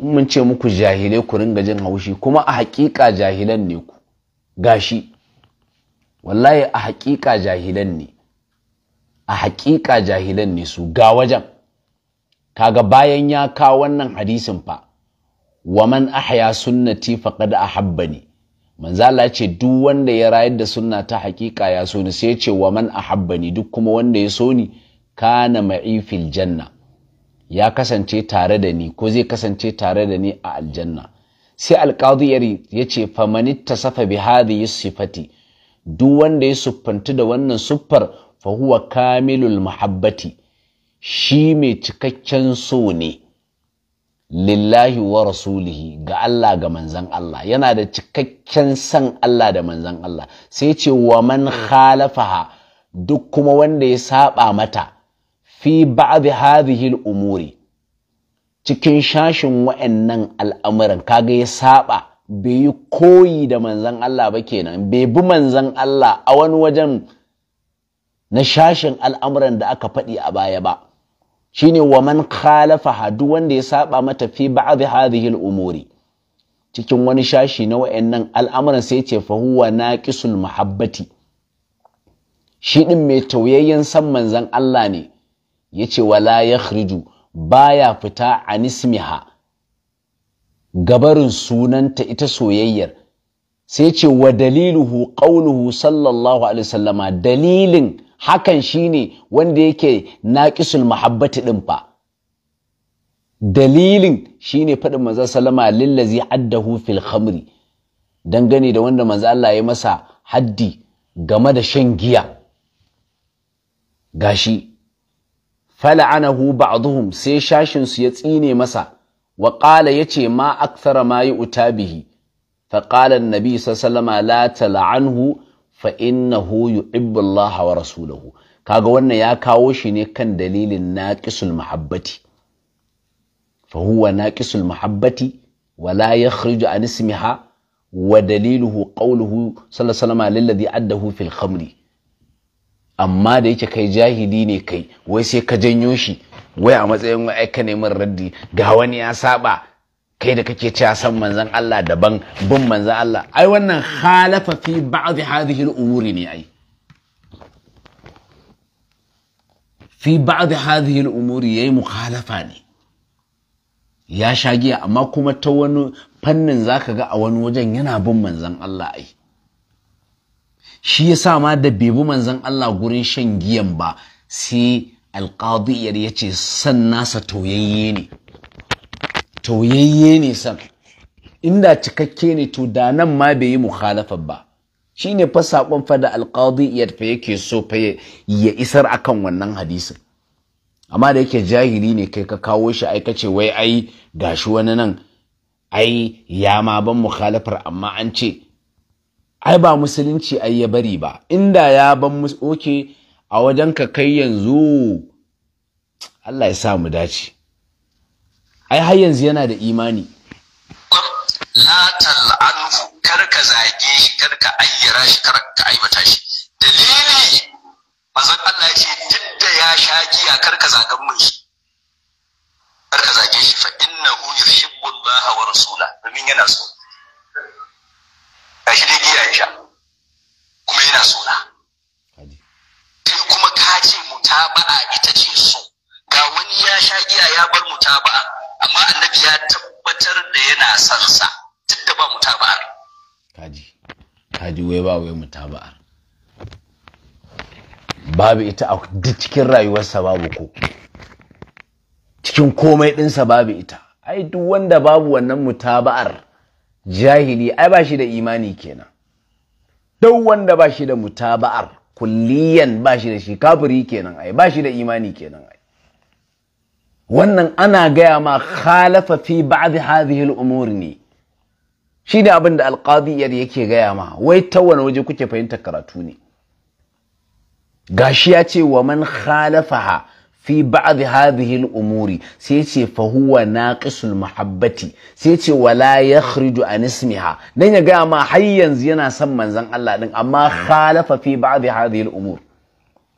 mun ce muku jahilai ku ringa jin haushi kuma a haƙiƙa jahilan ne ku gashi wallahi a haƙiƙa jahilan ne a haƙiƙa jahilan ne su ga wajen kaga bayan ya kawo wannan hadisin fa wa man ahya sunnati faqad ahabbani manzo Allah ce duk wanda ya rayar da sunna ta haƙiƙa ya so ni sai ya ce wa man ahabbani duk kuma wanda ya so ni kana ma'ifil janna ya kasance tare da ni ko zai kasance tare da ni a aljanna sai yari ya ce famanit ta safa bi hadhihi sifati duk wanda ya siffanti da wannan siffar Fahuwa huwa kamilul mahabbati shi mai cikakken so ne lillahi wa rasulihi ga Allah ga manzan Allah yana da cikakken san Allah da manzan Allah sai ce wa man khalafaha duk kuma wanda ya saba mata fi ba'd hadhihi al-umuri cikin shashin wa'annan al'amuran kaga ya saba bai yi koyi da manzan Allah ba kenan bai bi manzan Allah a wani wajen na shashin al'amuran da aka faɗi a baya ba shine wa man khalafa hadu wanda ya saba mata fi ba'd hadhihi al-umuri cikin wani shashi na wa'annan al'amuran sai ce fa huwa naqisul muhabbati shi ɗin mai tauyayyen san manzan Allah ne Ya yace wala ba ya fita a nismiha gabarin sunanta ita soyayyar sai ce wa daliluhu ƙaunuhu sallallahu alaihi sallama dalilin hakan shine wanda yake naƙisul mahabbati ɗin fa dalilin shine faɗin manzon sallama lillazi haddahu fil khamri dangane da wanda manzo Allah ya masa haddi game da shan giya gashi fala'anahu ba'dhum sai sashin su ya tsine masa waƙala yace ma akthara ma yu'ta bihi fa qala an-nabi sallallahu alaihi la fa innahu yuhibbu Allah wa rasulahu kaga wannan ya kawo shi ne kan dalilin naqisul mahabbati fa huwa naqisul wala wa la yakhruju wa daliluhu qawluhu sallallahu alaihi wasallam lilladhi addahu fil khamri amma da yake kai jahili ne kai wai sai ka janyo shi wai a matsayin wai aika neman raddi ga wani ya saba kai da kake cewa san manzon Allah daban bin manzon Allah ai wannan khalafa fi ba'd hadhihi al-umuri ne ai fi ba'd hadhihi al-umuri yayi mukhalafa ne ya sha giya amma kuma ta wani fannin zaka ga a wani wajen yana bin manzon Allah ai shi ya sa ma da bebu manzan Allah gurin shan giyan ba sai ya ce san nasa toyayye ne toyayye ne san inda cikakke ne to da nan ma bai yi mukhalafa ba shine fa saƙon fa da fa yake so fa ya isar akan wannan hadisin amma da yake jahili ne kai ka kawo shi ai kace wai ai gashi wani nan ai ya ma ban mukhalafar amma an ce ai ba musulunci ai ya bari ba inda ya ban oke a wajen ka kai yanzu Allah ya sa mu dace ai har yanzu yana da imani la tal'anhu kar ka zage shi kar ka ayyara shi kar ka aibata shi dalili manzon Allah ya ce duk da ya sha giya kar ka zagan mun shi kar ka zage shi fa innahu yuhibbu Allah wa rasula domin yana so gashi dai giya ya sha kuma yana suna kai kuma ka ce mutaba'a ita ce so ga wani ya sha giya ya bar mutaba'a amma annabi ya tabbatar da yana son sa duk da ba mutaba'a kaji kaji wai ba wai mutaba'a babu ita a duk cikin rayuwarsa babu ko cikin komai ɗinsa babu ita ai duk wanda babu wannan mutaba'ar jahili ai ba shi da imani kenan duk wanda ba shi da mutaba'ar kulliyan ba shi da shi kafiri kenan ai ba shi da imani kenan ai wannan ana gaya ma khalafa fi ba'd hadhihi al-umur ne shi da abin da yar yake gaya ma wai ta wani waje kuke fahimta karatu ne gashi ya ce wa man khalafaha fi ba'd hadhihi al-umuri sai ce fa huwa naqisul mahabbati sai ce wala yakhriju an ismiha dan ya ga ma har yanzu yana son manzon Allah din amma khalafa fi ba'd hadhihi al-umur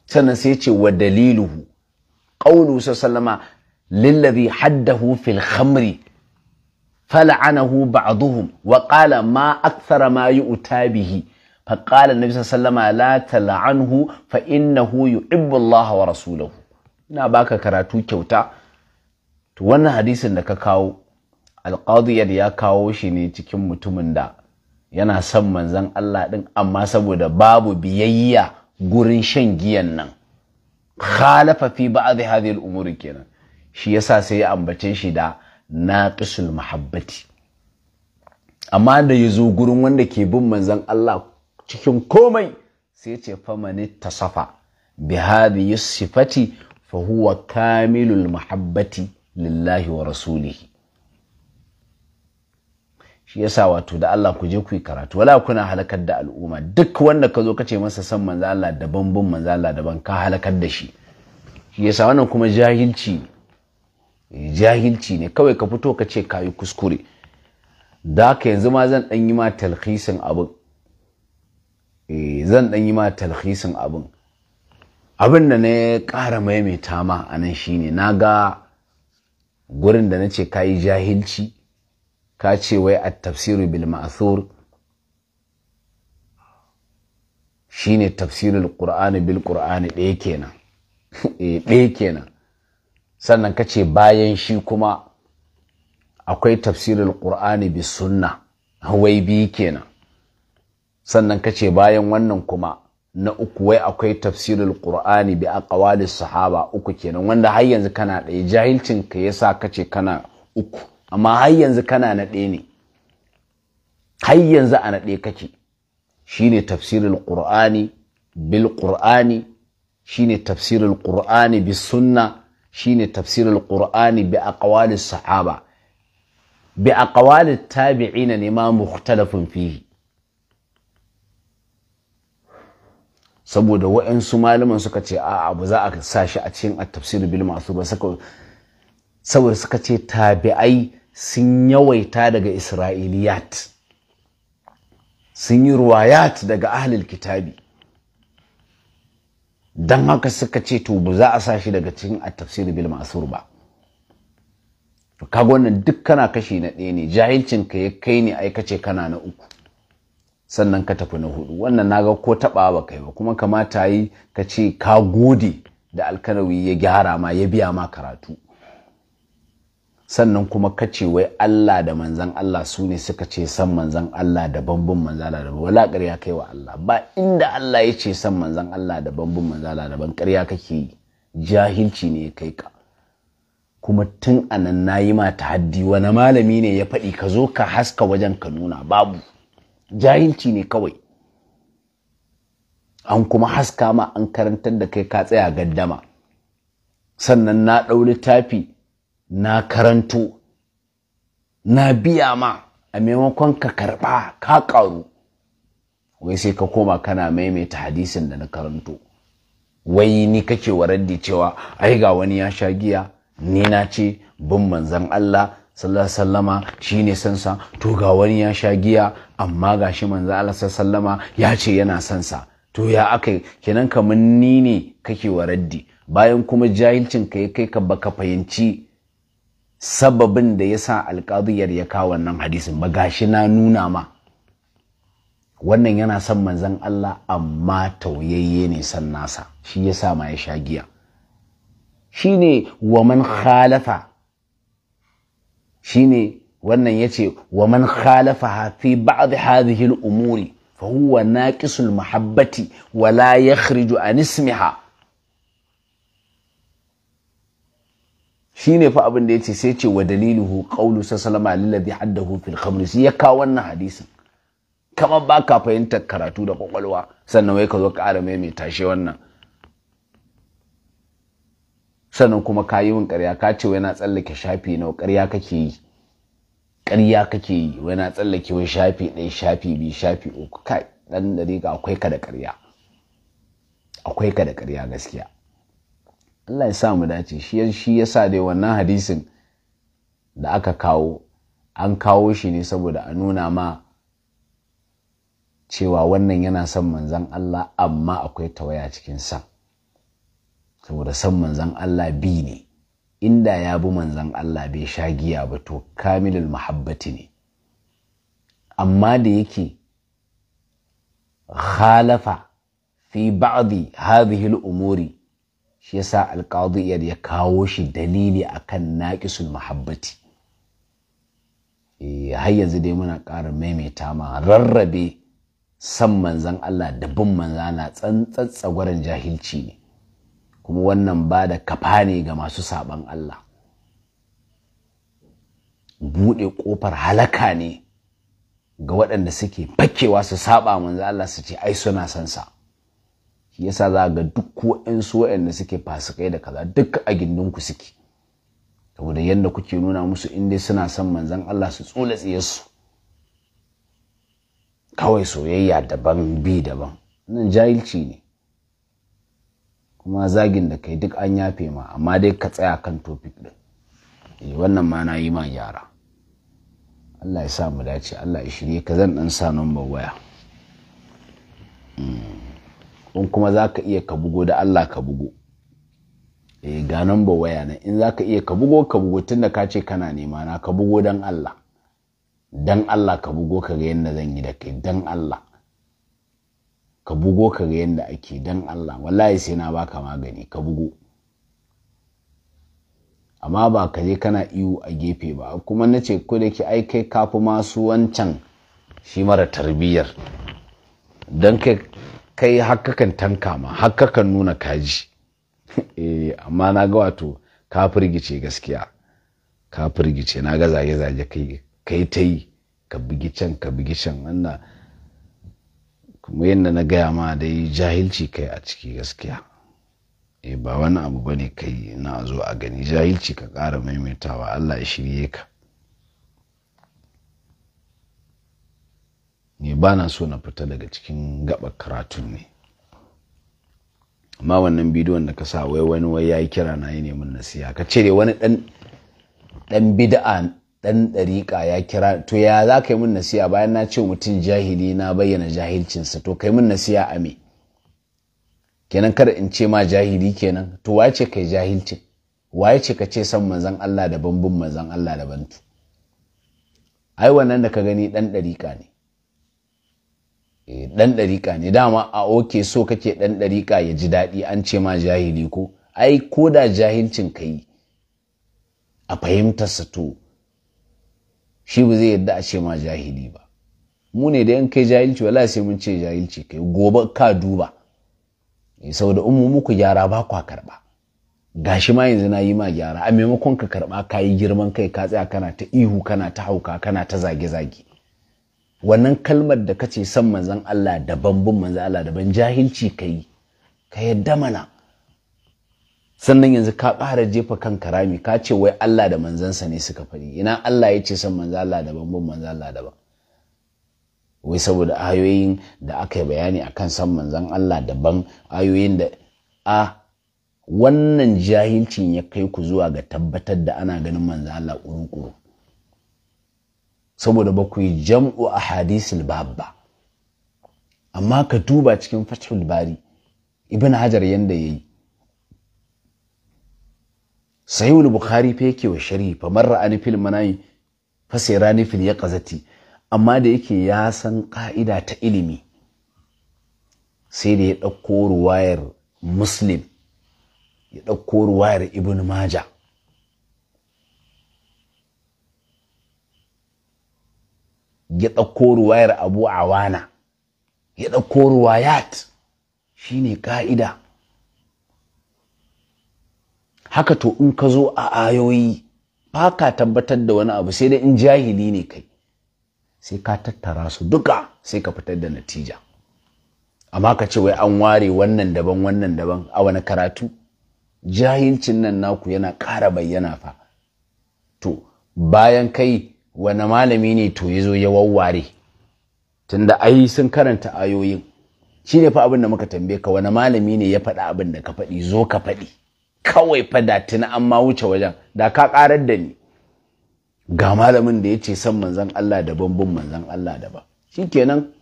sannan sai ce wa daliluhu qawlu sallama lillazi haddahu fil khamri فلعنه بعضهم وقال ma أكثر ma يؤتى به فقال النبي صلى الله عليه وسلم لا تلعنه فإنه يحب ina baka karatu kyauta to wannan hadisin da ka kawo alƙadiyar ya kawo shi ne cikin mutumin da yana son manzan Allah ɗin amma saboda babu biyayya gurin shan giyan nan khalafa fi ba'd hadhihi al-umuri kenan shi yasa sai ya ambace shi da naqisul mahabbati amma da ya zo gurin wanda ke bin manzan Allah cikin komai sai ce famani tasafa bi hadhihi sifati فهو كامل kamilul mahabbati lillahi wa rasulihi shi yasa wato da Allah ku je ku yi karatu wala kuna halakar da al'umma duk wanda ka zo ka ce masa san manzo Allah daban bin manzo Allah daban ka halakar da shi shi yasa wannan kuma jahilci eh, jahilci ne kawai ka fito ka ce ka yi kuskure da ka yanzu ma zan dan yi ma talhisin abin eh, zan dan yi ma talhisin abin abin da na ƙara maimaita ma a nan shine na ga gurin da na ce ka yi jahilci ka ce wai a tafsiru bil ma'athur shine tafsirul qur'ani bil ɗaya kenan eh, ɗaya kenan sannan ka ce bayan shi kuma akwai tafsirin ƙur'ani bis sunna wai biyu kenan sannan ka ce bayan wannan kuma na uku wai akwai tafsirul qur'ani bi aqwalis sahaba uku kenan wanda har yanzu kana ɗaya jahilcin ka yasa kace kana uku amma har yanzu kana na ɗaya ne har yanzu a naɗe kake shine tafsirul qur'ani bil qur'ani shine tafsirul qur'ani bis sunna shine tafsirul qur'ani bi aqwalis sahaba bi aqwalit tabi'ina ne ma mukhtalafun fihi saboda waɗansu malaman suka ce a'a ba za a sa shi a cikin at tafsiru bil masu ba saboda suka ce tabi'ai sun yawaita daga isra'iliyat sun yi ruwayat daga ahlul kitabi don haka suka ce to ba za a sa shi daga cikin at tafsiru bil masu ba kaga wannan duk kana kashi na ɗaya ne jahilcin ka ya kai ne aikace kana na uku sannan ka tafi na hudu wannan ga ko taba ba kai ba kuma kamata yi ka ce ka gode da alkalawi ya gyara ma ya biya ma karatu sannan kuma ka ce wai Allah da manzan Allah su ne suka ce san manzan Allah da bambun manzala daban wala ƙarya kai wa Allah ba inda Allah ya ce san manzan Allah da bambun Allah daban ƙarya kake yi jahilci ne kai ka kuma tun anan nayi ma tahaddi wani malami ne ya faɗi ka zo ka haska wajen ka nuna babu jahilci ne kawai an kuma haska ma an karantar da kai ka tsaya gaddama sannan na ɗau littafi na karanto na biya ma a maimakon ka karɓa ka ƙaru wai sai ka koma kana maimaita hadisin da na karanto wai ni kake warar cewa ai ga wani ya sha giya ni na ce bin manzan Allah sallallahu sallama shine san sansa to ga wani ya sha giya amma gashi shi manzo Allah sallama ya ce yana sansa to ya akai kenan kamar ni ne kake waraddi, bayan kuma jahilcin ka ya kai ka baka fahimci sababin da yasa sa ya kawo wannan hadisin ba gashi na nuna ma wannan yana son manzan Allah amma tauyayye ne san nasa shi ya sa ma ya sha giya shine waman khalafa shine wannan yace wa man khalafaha fi ba'd hadhihi al-umuri fa huwa naqisul mahabbati wa la yakhriju an ismiha shine fa abin da yace sai ce wa daliluhu qawlu sallama lillazi haddahu fil khamr sai ya kawo wannan hadisin kamar baka fahimtar karatu da kwakwalwa sannan wai ka zo ƙara mai shi wannan sannan kuma ka yi min ƙarya ka ce wai na tsallake shafi na ƙarya kake yi ƙarya kake yi wai na tsallake wai shafi ɗaya shafi biyu shafi uku kai ɗan riga akwai ka da ƙarya akwai ka da ƙarya gaskiya Allah ya sa mu dace shi shi ya sa dai wannan hadisin da aka kawo an kawo shi ne saboda a nuna ma cewa wannan yana son manzan Allah amma akwai tawaya cikin san saboda san manzan Allah bi ne inda ya bi manzan Allah bai sha giya ba to kamilul muhabbati ne amma da yake khalafa fi ba'di hadhihi al-umuri shi yasa alqadi ya kawo shi dalili akan naqisul muhabbati eh, har yanzu dai muna ƙara maimaita ma rarrabe san manzan Allah da bin manzana tsantsatsa gwaran jahilci ne kuma wannan ba da kafa ne ga masu saban Allah buɗe ƙofar halaka ne ga waɗanda suke fakewa su saba manzo Allah su ce ai suna son sa shi yasa za ga duk su waɗanda suke fasikai da kaza duk a gindin ku suke saboda yadda kuke nuna musu in dai suna son manzon Allah su tsula tsiyarsu kawai soyayya daban bi daban nan jahilci ne kuma zagin da kai duk an yafe ma amma dai ka tsaya kan topic din eh, wannan ma na yi ma yara Allah ya sa mu dace Allah ya shirye ka zan dan sa number waya hmm. in kuma za ka iya ka bugo da Allah ka bugo eh ga number waya na in za ka iya ka bugo ka bugo tunda ka ce kana nema na ka bugo dan Allah dan Allah ka bugo ka ga yadda zan yi da kai dan Allah ka bugo ka ga yadda ake dan Allah wallahi sai na baka magani ka bugo amma ba ka je kana iyo a gefe ba kuma na ce ko da ke kai kafi masu wancan shi mara tarbiyyar don kai hakkakan tanka ma hakkakan nuna kaji eh, amma na ga wato ka firgice gaskiya ka firgice na ga zage-zage kai ta yi ka bugi can ka bugi can wannan kuma yadda na gaya ma dai jahilci kai a ciki gaskiya e ba wani abu ba ne kai na zo a gani jahilci ka ƙara maimaitawa allah ya shirye ka ne ba na so na fita daga cikin gaba karatun ne amma wannan bidiyon da ka sa wai wani wai ya yi kira na yi neman nasiya ka cire wani dan bida'a dan ɗariƙa ya kira to ya za ka yi min nasiya bayan na ce mutum jahili na bayyana jahilcinsa to kai min nasiya a me kenan kar in ce ma jahili kenan to waye ce kai jahilcin waye ce ka ce san manzan Allah da bambun manzan Allah da bantu ai wannan da ka gani dan ɗariƙa ne eh, dan ɗariƙa ne dama a oke so kake dan ɗariƙa ya ji daɗi an ce ma jahili ko ai ko da jahilcin ka yi a fahimtarsa to shi ba zai yadda a ce ma jahili ba mu ne da yan kai jahilci wala sai mun ce jahilci kai gobe ka duba eh, Sau da umu muku gyara ba kwa karba gashi ma yanzu na yi ma gyara a maimakon ka karba ka yi girman kai ka tsaya kana ta ihu kana ta hauka kana ta zage-zage wannan kalmar da ka ce san manzan Allah daban bin manzan Allah daban jahilci kai ka yadda mana sannan yanzu ka ƙara jefa kan karami ka ce wai Allah da manzansa ne suka fari ina Allah ya ce san manzo Allah daban bin manzo Allah daban wai saboda ayoyin da aka yi bayani akan san manzan Allah daban ayoyin da a wannan jahilcin ya kai ku zuwa ga tabbatar da ana ganin manzo Allah kuru saboda ba ku yi jam'u a hadisul babba amma ka duba cikin fathul bari ibn hajar yanda yayi al bukhari fa yake wa shari fa marra an fil manai fa sayra fil yaqazati amma da yake ya san ka'ida ta ilimi sai da ya ɗauko ruwayar muslim ya ɗauko ruwayar ibn maja ya ɗauko ruwayar abu awana ya ɗauko ruwayat shine ka'ida haka to in ka zo a ayoyi ba ka tabbatar da wani abu sai dai in jahili ne kai sai ka tattara su duka sai ka fitar da natija amma ka ce wai an ware wannan daban wannan daban a wani karatu jahilcin nan naku yana ƙara bayyana fa to bayan kai wani malami ne to ya zo ya wawware tunda ai sun karanta ayoyin shi ne fa abin da muka tambaye ka wani malami ne ya faɗi abin da ka faɗi zo ka faɗi kawai fa da an ma wuce wajen da ka karar da ni ga malamin da ya ce san manzan Allah da bambun manzan Allah da shi kenan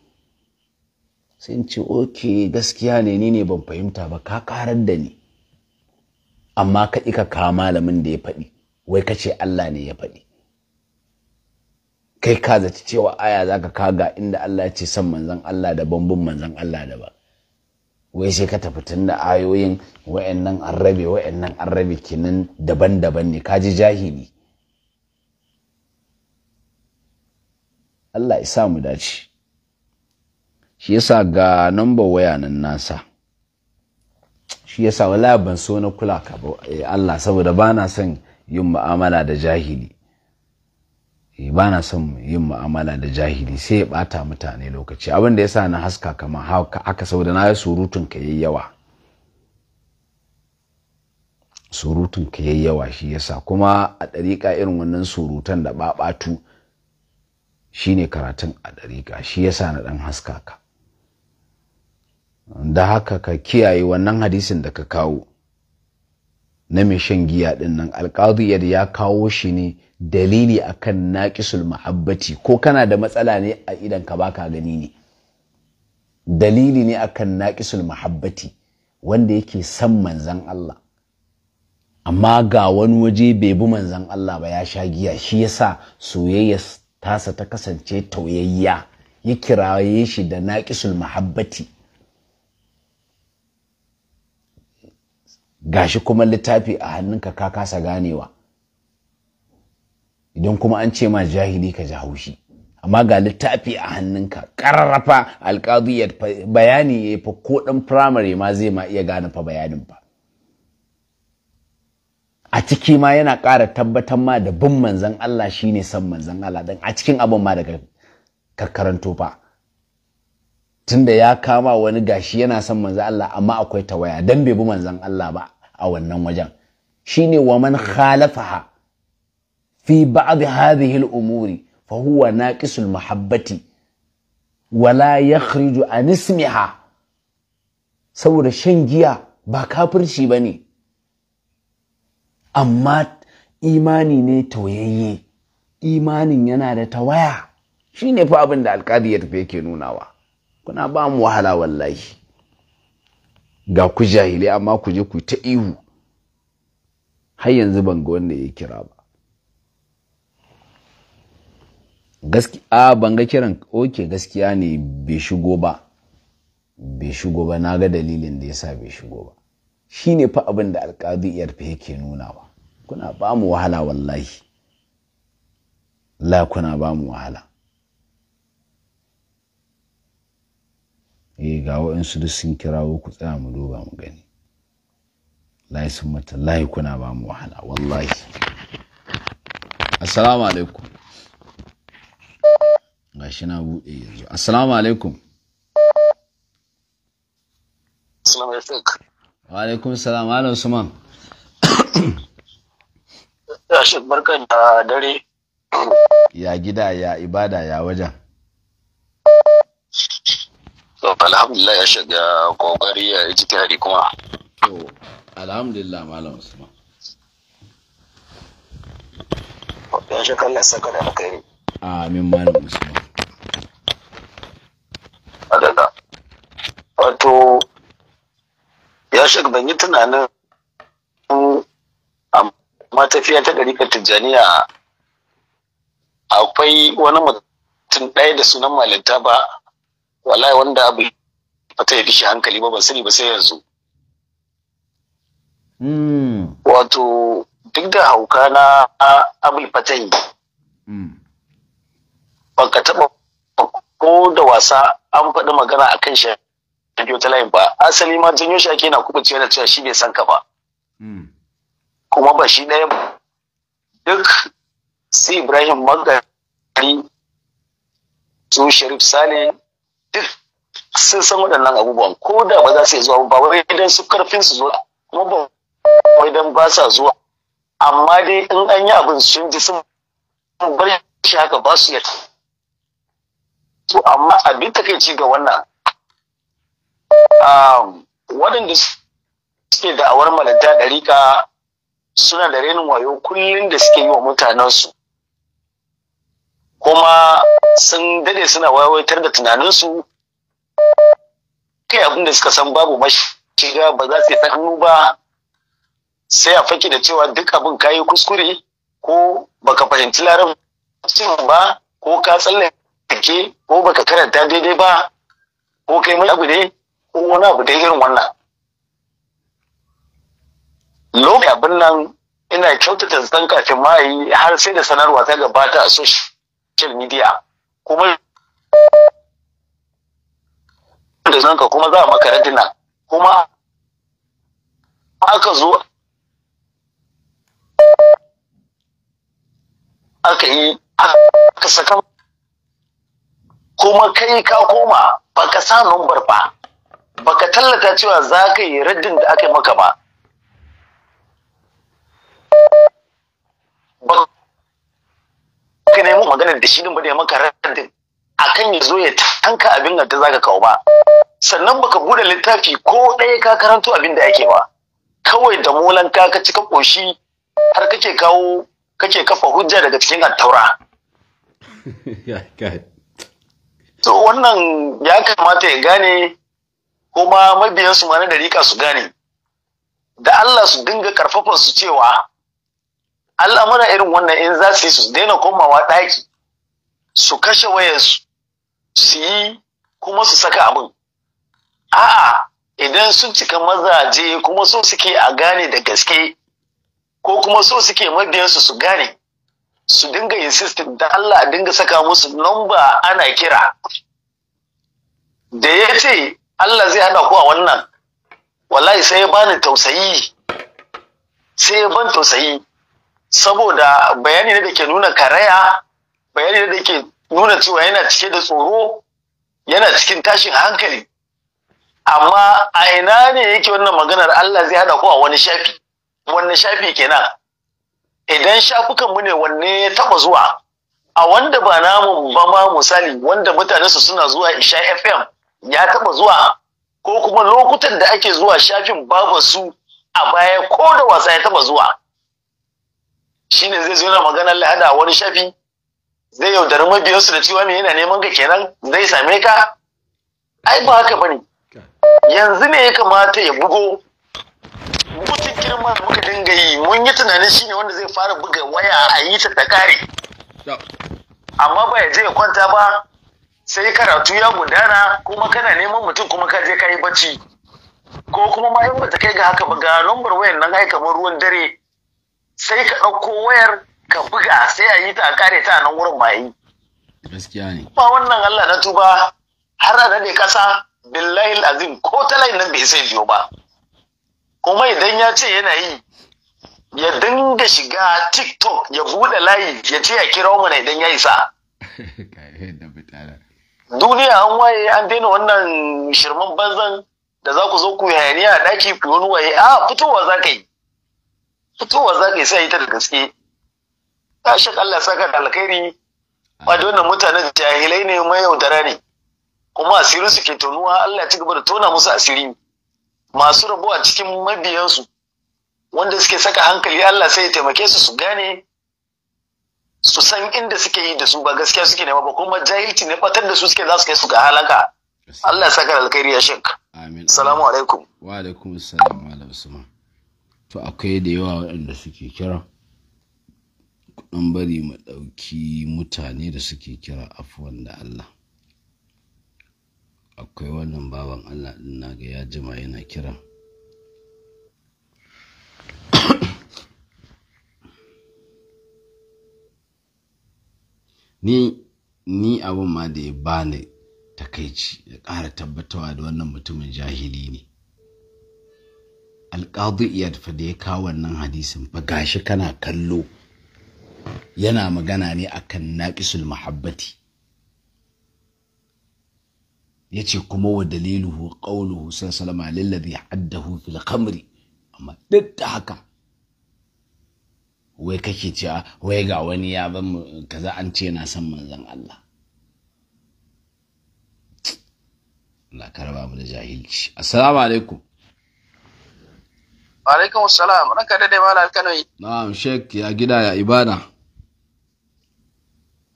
sai ce oke gaskiya ne ni ne ban fahimta ba ka karar da ni amma ka ka ka malamin da ya faɗi wai ka ce Allah ne ya faɗi kai ka zaci cewa aya zaka kaga inda Allah ya ce san manzan Allah da bambun manzan Allah da ba? wai sai ka tafi tun da ayoyin wa'annan an rabe wa'annan an rabe kinin daban-daban ne kaji jahili Allah ya mu dace shi yasa ga number waya nan nasa shi yasa wala ban so na kula ka ba eh, Allah saboda ba na son yin mu'amala da jahili Eh, ba na son yin mu'amala da jahili sai ya bata mutane lokaci abin da ya sa na haska kama haka aka saboda na yi surutun ka yi yawa surutun ka yi yawa shi ya sa kuma a ɗariƙa irin wannan surutan da ɓaɓatu ne karatun a ɗariƙa shi ya sa na ɗan haska ka da haka ka kiyaye wannan hadisin da ka kawo na mai shan giya ɗin nan alƙadiyar ya kawo shi ne dalili akan naqisul ma'abbati ko kana da matsala ne a idan ka baka gani ne dalili ne akan naqisul mahabbati wanda yake san manzan Allah amma ga wani waje bai bi manzan Allah ba ya sha giya shi yasa soyayya tasa ta kasance tauyayya ya kiraye shi da naqisul mahabbati gashi kuma littafi a hannunka ka kasa ganewa idan kuma an ce ma jahili ka ji haushi amma ga littafi a hannunka ƙararrafa alƙadu ya bayani ya fa ko ɗan firamare ma zai ma iya gane fa bayanin fa a ciki ma yana ƙara tabbatar ma da bin manzan Allah shine san manzan Allah dan a cikin abin ma daga karkaranto fa tunda ya kama wani gashi yana son manzan Allah amma akwai tawaya don bai bi manzan Allah ba a wannan wajen shine wa man khalafaha fi ba'd hadhihi hil umuri fa huwa naqisul mahabbati wala yakhriju an saboda shan giya ba kafirci ne. amma imani ne tauyayye imanin yana da tawaya Shi ne fa abin da alkadi ya tafi yake nunawa kuna ba mu wahala wallahi ga ku jahilai amma ku je ku ta ihu har yanzu ban ga wanda ya kira ba gaskiya ban ga kiran oke gaskiya ne bai shigo ba bai shigo ba na ga dalilin da ya sa bai shigo ba shi ne fa abin da iya iyarfe yake nunawa kuna ba mu wahala wallahi la kuna ba mu wahala eh ga waɗansu duk sun kirawo ku tsaya mu duba mu gani layi sun mata layi kuna ba mu wahala wallahi assalamu alaikum ga shi na buɗe yanzu assalamu alaikum wa alaikum salam malam suman ya shi barka da dare ya gida ya ibada ya wajen to alhamdulillah ya shiga kokari ya yi jikari kuma to alhamdulillah malam Suman. ya shi kan saka da alkhairi amin malam Suman. adada wato ya shiga ban yi tunanin amma tafiya ta ɗarikar tijjaniya akwai wani mutum ɗaya da sunan malinta ba wallahi wanda abu fata ya dishi hankali ba ban sani ba sai yanzu hmm. wato duk da hauka na abul fatai hmm. ban ka taɓa ko da wasa an faɗi magana a kan shi biyo ta layin ba asali ma janyo shi ake na kubuce da cewa shi bai san ka ba hmm. kuma ba shi ɗaya ba duk si ibrahim magari su sharif sale duk sun san waɗannan abubuwan ko da ba za su zuwa ba wai idan su karfin su zuwa kuma ba wai idan ba sa zuwa amma dai in an yi abin sun ji sun bar shi haka ba su yadda to amma abin ci ga wannan um, waɗanda suke da awar malanta ɗarika suna da renin wayo kullum da suke yi wa mutanensu kuma sun dade suna wayawaitar da tunaninsu kai abin da suka san babu mashiga ba za su yi hannu ba sai a faki da cewa duk abin kayi kuskure ko baka fahimci larabcin ba ko ka ke ko baka karanta daidai ba ko kai mai abu ne ko wani abu da irin wannan lokacin abin nan ina kyautata zan kafin yi har sai da sanarwa ta gabata a social media kuma da ka kuma za a makarantar nan kuma aka zo aka yi aka saka kuma kai ka koma baka sa numbar ba baka tallata cewa za ka yi raddin da aka yi maka ba ka nemi magana da shi din ba da ya maka raddin kan ya zo ya tanka abin da za ka kawo ba sannan baka bude littafi ko ɗaya ka karanto abin da yake ba kawai da molan ka ka cika ƙoshi har kake kawo kake kafa hujja daga cikin attaura to wannan ya kamata ya gane kuma mabiyansu ma na dariƙa su gane da Allah su dinga karfafa su cewa al'amura irin wannan in za su yi su daina komawa ɗaki su kashe wayarsu su yi kuma su saka abin a'a idan sun cika mazaje kuma so suke a gane da gaske ko kuma so suke mabiyansu su gane su dinga insistin da Allah a dinga saka musu lamba ana kira da ya ce Allah zai hana ku a wannan wallahi sai ya bani tausayi sai ya ban tausayi saboda bayani da ke nuna karaya bayani da ke nuna cewa yana cike da tsoro yana cikin tashin hankali amma a ina ne yake wannan maganar Allah zai hada ku a wani shafi Wani shafi kenan idan shafukanmu ne wanne ya taba zuwa a wanda ba namu ba ma misali wanda su suna zuwa isha fm ya taba zuwa ko kuma lokutan da ake zuwa shafin babansu a baya ko da wasa ya taba zuwa Shi ne zai zo yana maganar lahada wani shafi zai yaudari mabiyansu da cewa mai yana neman ka kenan zai same ka ai ba haka bane yanzu ne ya kamata ya bugo wuce girma muka dinga yi mun yi tunanin shine ne wanda zai fara buga waya a yi ta ta kare amma ba ya je ya kwanta ba sai karatu ya gudana kuma kana neman mutum kuma ka je ka yi bacci ko kuma ma in bata kai ga haka ba ga lambar wayan nan ai kamar ruwan dare sai ka ɗauko wayar ka buga sai a yi ta a kare ta a nan wurin ma yi gaskiya ne ba wannan Allah na tuba har da ne kasa billahi azim ko talayin nan bai sai biyo ba kuma idan ya ce yana yi ya dinga shiga tiktok ya buɗe layi ya ce ya kira mana idan ya isa duniya an waye an daina wannan shirman banzan da za ku zo ku yayani a daki ku wani waye a fitowa za ka yi fitowa za ka yi sai ta da gaske ta shi Allah saka da alkhairi ba da wannan mutanen jahilai ne mai yaudara ne kuma asirin su ke tonuwa Allah ya ci gaba da tona musu asiri masu rabuwa cikin mabiyansu wanda suke saka hankali Allah sai ya taimake su su gane su san inda suke yi da su ba gaskiya suke nema ba kuma jahilci ne batar da su suke za su kai su ga halaka Allah ya saka alkhairi ya shek amin assalamu alaikum wa alaikum assalam Malam alaikum to akwai da yawa waɗanda suke kira kuɗin bari mu ɗauki mutane da suke kira afuwan da Allah akwai wannan baban Allah jima yana kira ni abin ma da ya bani takaici ya ƙara tabbatawa da wannan mutumin jahili ne alƙadu iyad da ya kawo wannan hadisin fa gashi kana kallo yana magana ne akan naqisul mahabbati yace kuma wa daliluhu qawluhu sallallahu alaihi lillazi haddahu fil khamri amma duk da haka wai kake cewa wai ga wani ya ban kaza an ce na san manzon Allah Allah karba mu da jahilci assalamu alaikum wa alaikum assalam ranka da dai kano kanoyi na'am shek ya gida ya ibada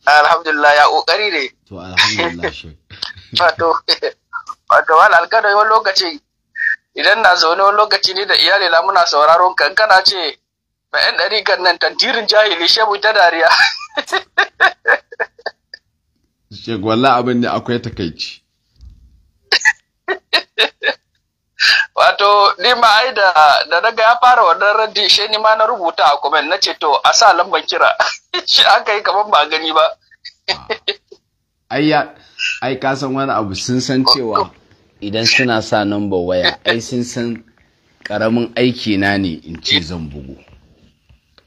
alhamdulillah ya kokari ne to alhamdulillah shek wato wato wani alkada wani lokaci idan na zaune wani lokaci ni da iyali na muna sauraron kankana ce ba yan ɗari kan nan tantirin jahili shebu ta dariya shegu gwalla abin ne akwai takaici wato ni ma ai da da daga ya fara wannan raddi she ni ma na rubuta a comment na ce to a sa lambar kira shi aka yi kaman ba gani ba ayya ai ka san wani abu sun san cewa idan suna sa number waya ai sun san karamin aiki na ne in ce zan bugu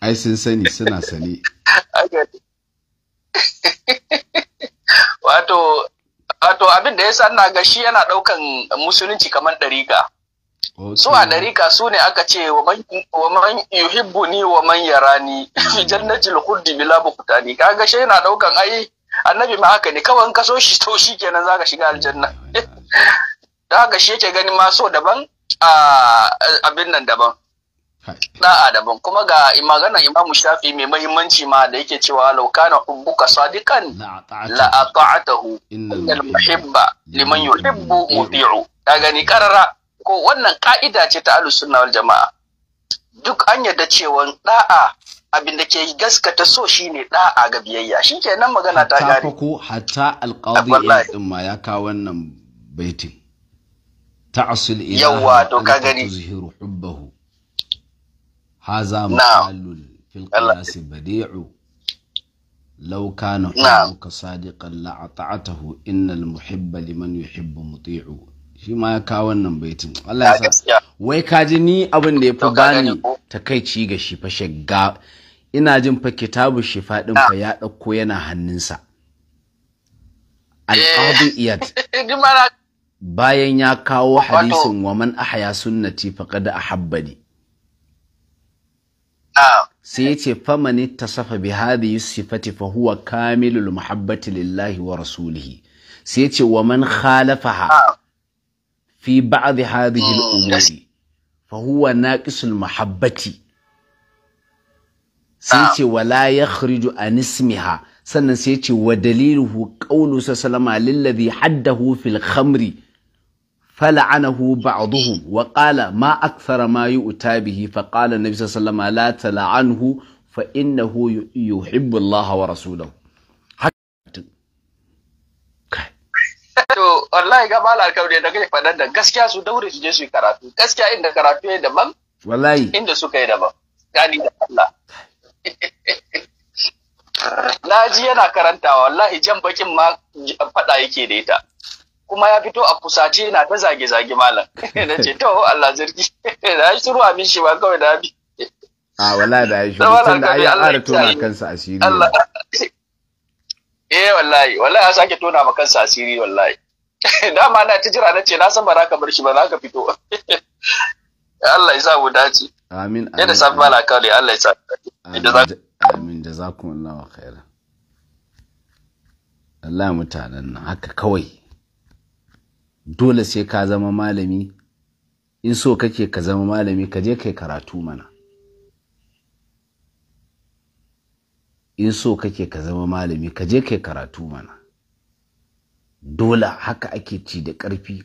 ai sun sani suna sani wato wato abin da ya san na ga shi yana daukan musulunci kamar ɗarika, su a ɗarika su ne aka ce wa man yuhibbu ni wa man yarani fi jannatil khuldi bila bukutani kaga shi yana daukan ai annabi ma haka ne kawai kaso shi to shi kenan zaka shiga aljanna da haka shi yake gani ma so daban a abin nan daban da'a daban kuma ga maganar imamu shafi mai mahimmanci ma da yake cewa laukana hubbuka sadikan la ata'atahu muhibba liman yuhibbu mubi'u ta gani karara ko wannan ƙa'ida ce ta ahlus jama'a duk an yadda cewa da'a abin da ke gaskata so shi shine da'a ga biyayya shi ke nan magana ta gari ta ko hatta alqadi din ma ya kawo wannan baitin ta asul ila yawa to ka gani zuhiru hubbahu haza mahallul fil qiyas badi'u law kana hubbuka sadiqan la'ata'atahu innal muhibba liman yuhibbu muti'u shi ma ya kawo wannan baitin Allah ya sa wai kaji ni abin da ya fi bani takaici ga shi fa shagga ina jin fa kitabu shifa din fa ya dauko yana hannunsa al-qadi eh. iyad bayan ya kawo hadisin wa man ahya sunnati faqad ahabbani ah. sai ya ce famani tasafa bi hadhihi sifati fa huwa kamilul muhabbati lillahi wa rasulihi sai ya ce wa man khalafaha ah. fi ba'd hadhihi hmm, al-umuri fa huwa naƙisul mahabbati sai ce wala yakhriju an ismiha sannan sai ce wa daliluhu qawlu sallama lillazi haddahu fil khamri فلعنه بعضهم وقال ما أكثر ما يؤتى به فقال النبي صلى الله عليه وسلم لا تلعنه فإنه يحب الله ورسوله to wallahi ga mala alkauri da kake faɗan da gaskiya su daure su je su yi karatu gaskiya inda karatu ya daban wallahi inda suka yi daban gani da Allah na ji yana karantawa wallahi jan bakin ma faɗa yake da ita kuma ya fito a kusace yana ta zage-zage malam na ce to Allah zargi da ya shiru min shi ba kawai da abi a wallahi da ya shiru tun da ya ƙara tona kansa asiri eh wallahi wallahi a sake tona ma kansa asiri wallahi dama na ta jira na ce na san ba za ka bar shi ba za ka fito Allah ya sa mu dace amin Ya da safi mala kawai Allah ya sa amin da za ku Allah wa khaira Allah mutanen nan haka kawai dole sai ka zama malami in so kake ka zama malami ka je kai karatu mana in so kake ka zama malami ka je kai karatu mana dole haka ake ci da ƙarfi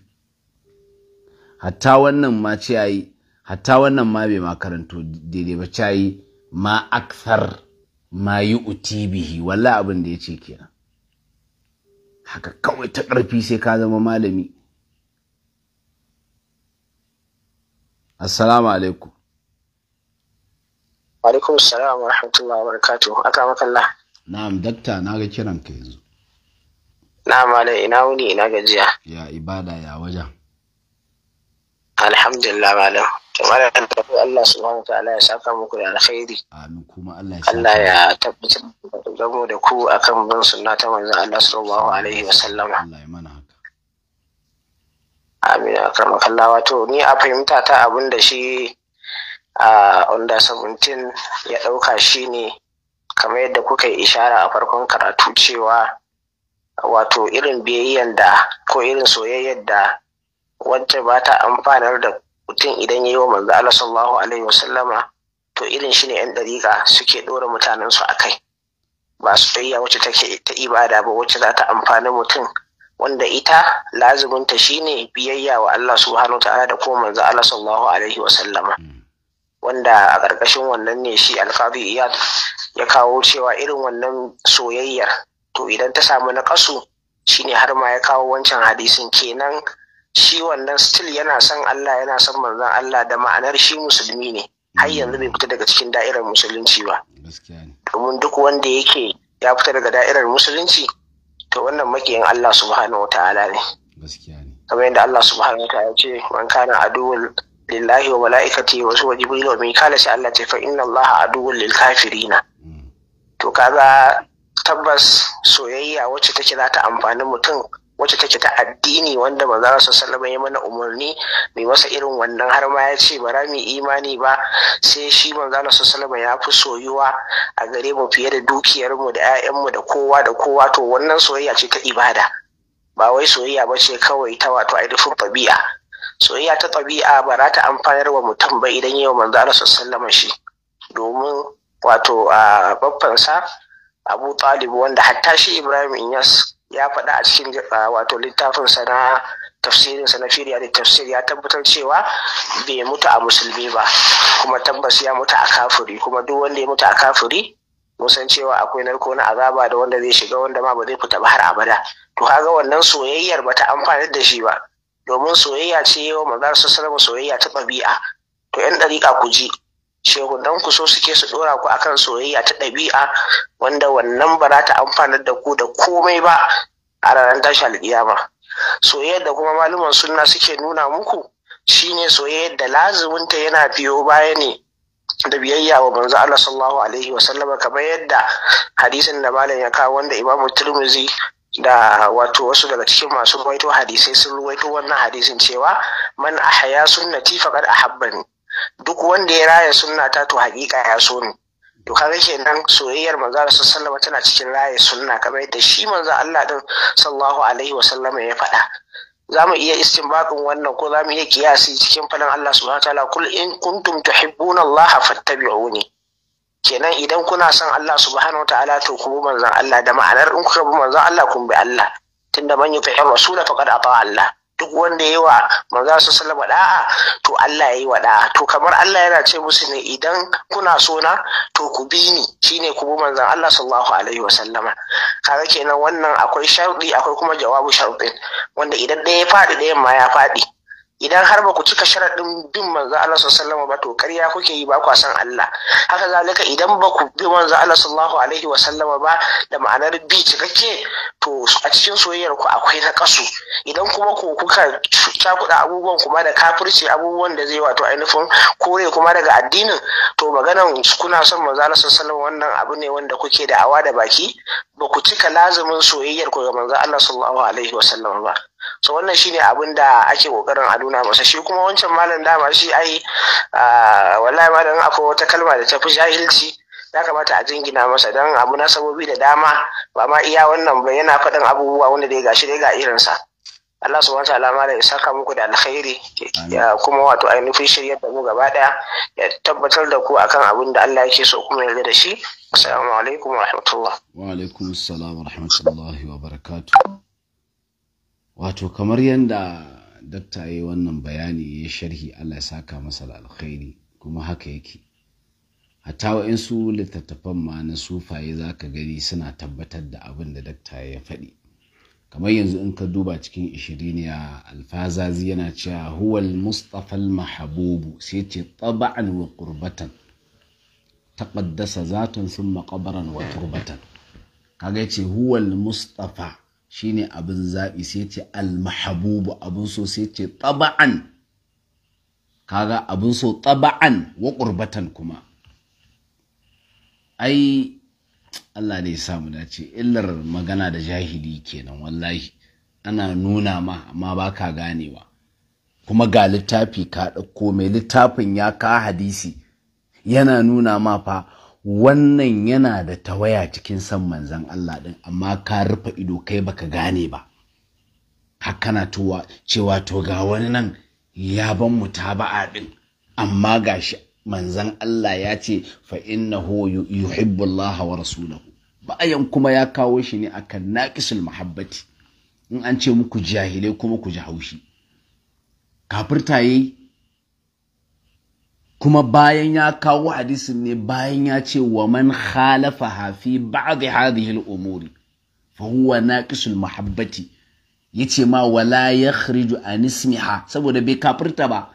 hatta wannan ma ciyayi hatta wannan ma bai makarantu daidai ba ciyayi ma akthar ma yi bihi walla abin da ya ce kenan haka kawai ta ƙarfi sai ka zama malami assalamu alaikum alaikum salam wa rahmatullahi wa barakatuh aka makalla na'am dakta na ga kiran ka yanzu na malam ina wuni ina gajiya ya ibada ya wajen alhamdulillah malam kamar da tafi Allah subhanahu wa ta'ala ya saka muku da alkhairi amin kuma Allah ya Allah ya tabbatar da mu da ku akan bin sunna ta manzon Allah sallallahu alaihi wa sallam Allah ya mana haka amin akrama Allah wato ni a fahimta ta abin da shi a under 17 ya ɗauka shi ne kamar yadda kuka yi ishara a farkon karatu cewa wato irin biyayyen da ko irin soyayyar da wacce ba ta amfanar da mutum idan ya yi wa manzo Allah sallallahu alaihi wasallama to irin shi ne 'yan ɗariƙa suke ɗora mutanensu a kai ba soyayya wacce take ta ibada ba wacce za ta amfani mutum wanda ita lazuminta shine biyayya wa Allah subhanahu ta'ala da kuma manzo Allah sallallahu alaihi wasallama. Hmm. wanda a ƙarƙashin wannan ne shi alfabi iyad ya kawo cewa irin wannan soyayyar to idan ta samu na ƙasu shine har ma ya kawo wancan hadisin kenan shi wannan still yana son Allah yana son manzon Allah da ma'anar shi musulmi ne har mm. yanzu bai fita daga cikin da'irar musulunci ba domin duk wanda yake ya fita daga da'irar musulunci to wannan makiyin Allah subhanahu wa ta'ala ne kamar yadda Allah subhanahu wa ta'ala ya ce man kana aduwul lillahi wa mala'ikati wa zuwa jibril wa kala sai Allah ce fa inna Allah aduwwul lil kafirina to kaza tabbas soyayya wacce take zata amfani mutum wacce take ta addini wanda manzo su sallama ya mana umarni mai masa irin wannan har ma ya ce bara mu imani ba sai shi manzo su sallama ya fi soyuwa a gare mu fiye da dukiyar mu da 'ya'yan mu da kowa da kowa to wannan soyayya ce ta ibada ba wai soyayya ba ce kawai ta wato ainihin fabi'a soyayya ta ɗabi'a ba za ta amfanar wa mutum ba idan yau manzo Allah sallama shi domin wato a babbansa Abu Talib wanda hatta shi Ibrahim Inyas ya faɗa a cikin wato littafin sa na tafsirin sa na firiya da tafsir ya tabbatar cewa bai mutu a musulmi ba kuma tabbas ya mutu a kafiri kuma duk wanda ya mutu a kafiri mun san cewa akwai narko na azaba da wanda zai shiga wanda ma ba zai fita ba har abada to kaga wannan soyayyar bata amfanar da shi ba domin soyayya ce yawa maza su sarrafa soyayya ta ɗabi'a to yan ɗariƙa ku ji shehunan ku so suke su ɗora ku akan soyayya ta ɗabi'a wanda wannan ba za ta amfanar da ku da komai ba a ranar tashi alƙiyama soyayyar da kuma malaman sunna suke nuna muku shine soyayyar da lazuminta yana biyo baya ne da biyayya wa manzo Allah sallallahu alaihi wa sallama kamar yadda hadisin da malam ya kawo wanda Imam Tirmidhi da wato wasu daga cikin masu ruwaito hadisai sun ruwaito wannan hadisin cewa man ahaya sunnati faqad ahabbani duk wanda ya raya sunna ta to haƙiƙa ya so ni to kaga kenan soyayyar manzo Allah sallallahu tana cikin raya sunna kamar yadda shi manzo Allah din sallallahu alaihi wasallama ya faɗa za mu iya istinbaɗin wannan ko za mu iya kiyasi cikin falin Allah subhanahu wataala kul in kuntum tuhibbuna Allah fattabi'uni kenan idan kuna son Allah subhanahu wa ta'ala to ku manzan Allah da ma'anar in kuka bi manzan Allah kun bi Allah tunda man yufi rasula faqad ata Allah duk wanda yayi wa manzon su sallama da'a to Allah yayi wa da'a to kamar Allah yana ce musu ne idan kuna so na to ku bi ni shine ku bi manzon Allah sallallahu alaihi wa sallama kaga kenan wannan akwai sharudi akwai kuma jawabu sharɗin wanda idan ɗaya ya faɗi ɗayan ma ya faɗi idan har ba ku cika sharaɗin bin manzo Allah sallallahu ba to ƙarya kuke yi ba kwasan Allah haka zalika idan ba ku bi manzo Allah sallallahu alaihi wa sallama ba da ma'anar bi cikakke to a cikin soyayyar ku akwai na kasu idan kuma ku kuka cakuɗa abubuwan kuma da kafirci abubuwan da zai wato ainihin kore kuma daga addinin to maganan kuna son manzo Allah sallallahu wannan abu ne wanda kuke da awa da baki ba ku cika lazumin soyayyar ku ga manzo Allah sallallahu alaihi wa sallama ba so wannan shine abin da ake kokarin a nuna masa shi kuma wancan malam dama shi ai wallahi malam akwai wata kalma da ta fi jahilci ya kamata a jingina masa Dan abu na sabobi da dama ba ma iya wannan ba yana faɗin abubuwa wanda dai gashi dai ga irinsa Allah wata alama da isa saka muku da alkhairi ya kuma wato ainihin shiryar da mu gaba daya ya tabbatar da ku akan abin da Allah yake so kuma yarda da shi assalamu alaikum wa rahmatullah wa alaikum assalam wa rahmatullahi wa barakatuh wato kamar yadda dakta ya wannan bayani ya sharhi allah ya saka masa alkhairi kuma haka yake hatta wa'insu littattafan ma na sufaye za ka gani suna tabbatar da abin da dakta ya faɗi kamar yanzu in ka duba cikin ya alfazazi yana cewa huwal mustafal mahabubu sai ce taba'an wa qurbatan taqaddasa zatun sun qabaran wa turbatan kaga yace huwal mustafa shine abin zaɓi sai ce almahabubu abin so sai ce taba'an kaga abin so taba'an wa ƙurbatan kuma ai Allah ne ya mu dace illar magana da jahili kenan wallahi ana nuna ma amma ba ka ganewa kuma ga littafi ka ɗauko mai littafin ya ka hadisi yana nuna ma fa wannan yana da tawaya cikin san manzan Allah ɗin amma ka rufe ido kai baka gane ba hakana tuwa cewa to ga wani nan ya ban mutaba'a ɗin amma gashi manzan Allah ya ce fa innahu yuhibbu Allah wa rasulahu bayan kuma ya kawo shi ne akan naqisul mahabbati in an ce muku jahilai kuma ku ji haushi kafirta yayi kuma bayan ya kawo hadisin ne bayan ya ce wa man khalafa hafi ba'd hadhihi al-umuri fa huwa naqisul mahabbati yace ma wala yakhriju an ismiha saboda bai kafirta ba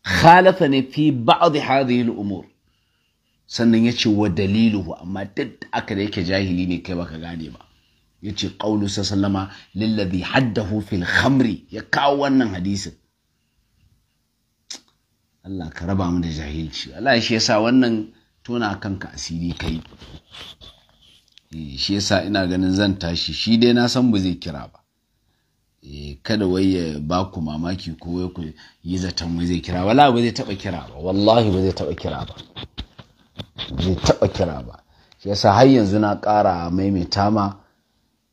khalafa ne fi ba'd hadhihi al-umur sannan yace wa daliluhu amma duk aka da yake jahili ne kai baka gane ba yace qaulu sallama lillazi haddahu fil khamri ya kawo wannan hadisin Allah ka raba mu da jahilci Allah shi yasa wannan tona kanka asiri kai eh, shi yasa ina ganin zan tashi shi dai na san ba zai kira ba eh, kada wai ya ba ku mamaki ko wai ku yi zaton wai zai kira wala ba zai taba kira ba wallahi ba zai taba kira ba zai taba kira ba shi yasa har yanzu na ƙara maimaita ma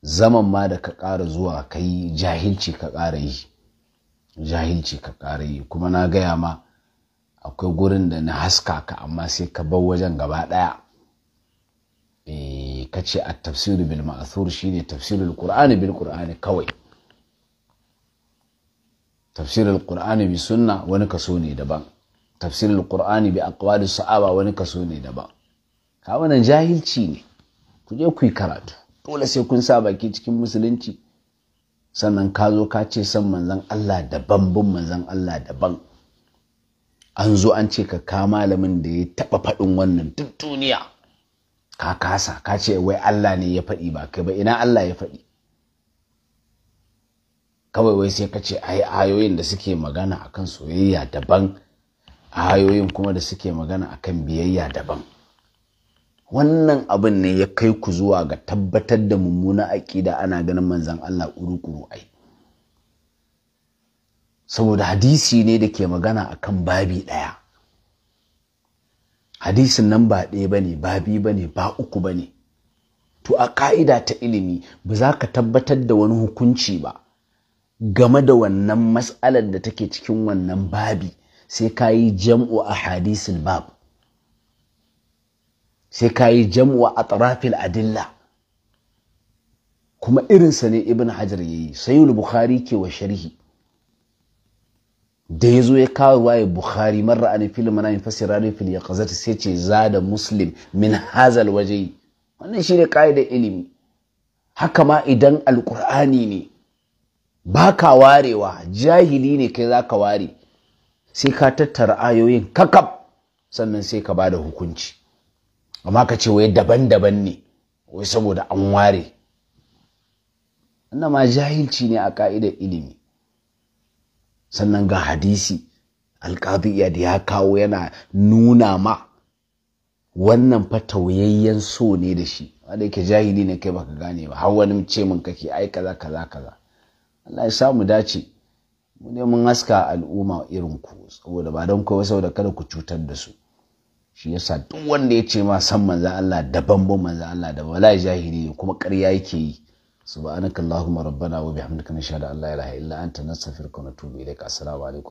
zaman ma da ka kara zuwa ka jahilci ka ƙara yi jahilci ka ƙara yi kuma na gaya ma akwai gurin da na haska ka amma sai ka bar wajen gaba ɗaya eh, ka ce a tafsiru bil ma'athur ne tafsirul qur'ani bil qur'ani kawai tafsirul qur'ani bi sunna wani kaso ne daban tafsirul qur'ani bi aqwali sahaba wani kaso ne daban ka wannan jahilci ne ku je ku yi karatu dole sai kun sa baki cikin musulunci sannan ka zo ka ce san manzon Allah daban bin manzon Allah daban an zo an ce ka ka malamin da ya taɓa faɗin wannan duk duniya ka kasa ka ce wai Allah ne ya faɗi ba kai ba ina Allah ya faɗi kawai wai sai ka ce ai ayoyin da suke magana akan soyayya daban ayoyin kuma da suke magana akan biyayya daban wannan abin ne ya kai ku zuwa ga tabbatar da mummuna aƙida ana ganin manzan Allah ƙuruƙuru ai saboda hadisi ne da ke magana akan babi ɗaya hadisin nan ba ɗaya ba ne babi ba ne ba uku ba ne to a ka'ida ta ilimi ba za ka tabbatar da wani hukunci ba game da wannan matsalar da take cikin wannan babi sai ka yi jam'u a hadisin bab sai ka yi jam'u a atrafil adilla kuma irinsa ne ibn hajar ya yi sayul bukhari ke wa sharhi da ya zo ya kawo waye bukhari marra an fil manami fasirari ya yaqazat sai ce zada muslim min hazal waje wannan shine kaidar ilimi haka ma idan alqur'ani ne baka warewa jahili ne kai za ka ware sai ka tattara ayoyin kakab sannan sai ka bada hukunci amma ka ce wai daban-daban ne wai saboda an ware ma jahilci ne a ka'idar ilimi sannan ga hadisi alƙadiyya da ya kawo yana nuna ma wannan fa tauyayyen so ne da shi wanda yake jahili ne kai baka gane ba har wani ce min kake ai kaza kaza kaza Allah ya samu dace mu ne mun haska al'umma irin ku saboda ba don kawai saboda kada ku cutar da su shi yasa duk wanda ya ce ma san manzo Allah daban ban manzo Allah daban wallahi jahili ne kuma ƙarya yake yi subhanakallahumma rabbana wa bihamdika nashhadu an la ilaha la'anta na nastaghfiruka wa natubu da assalamu alaikum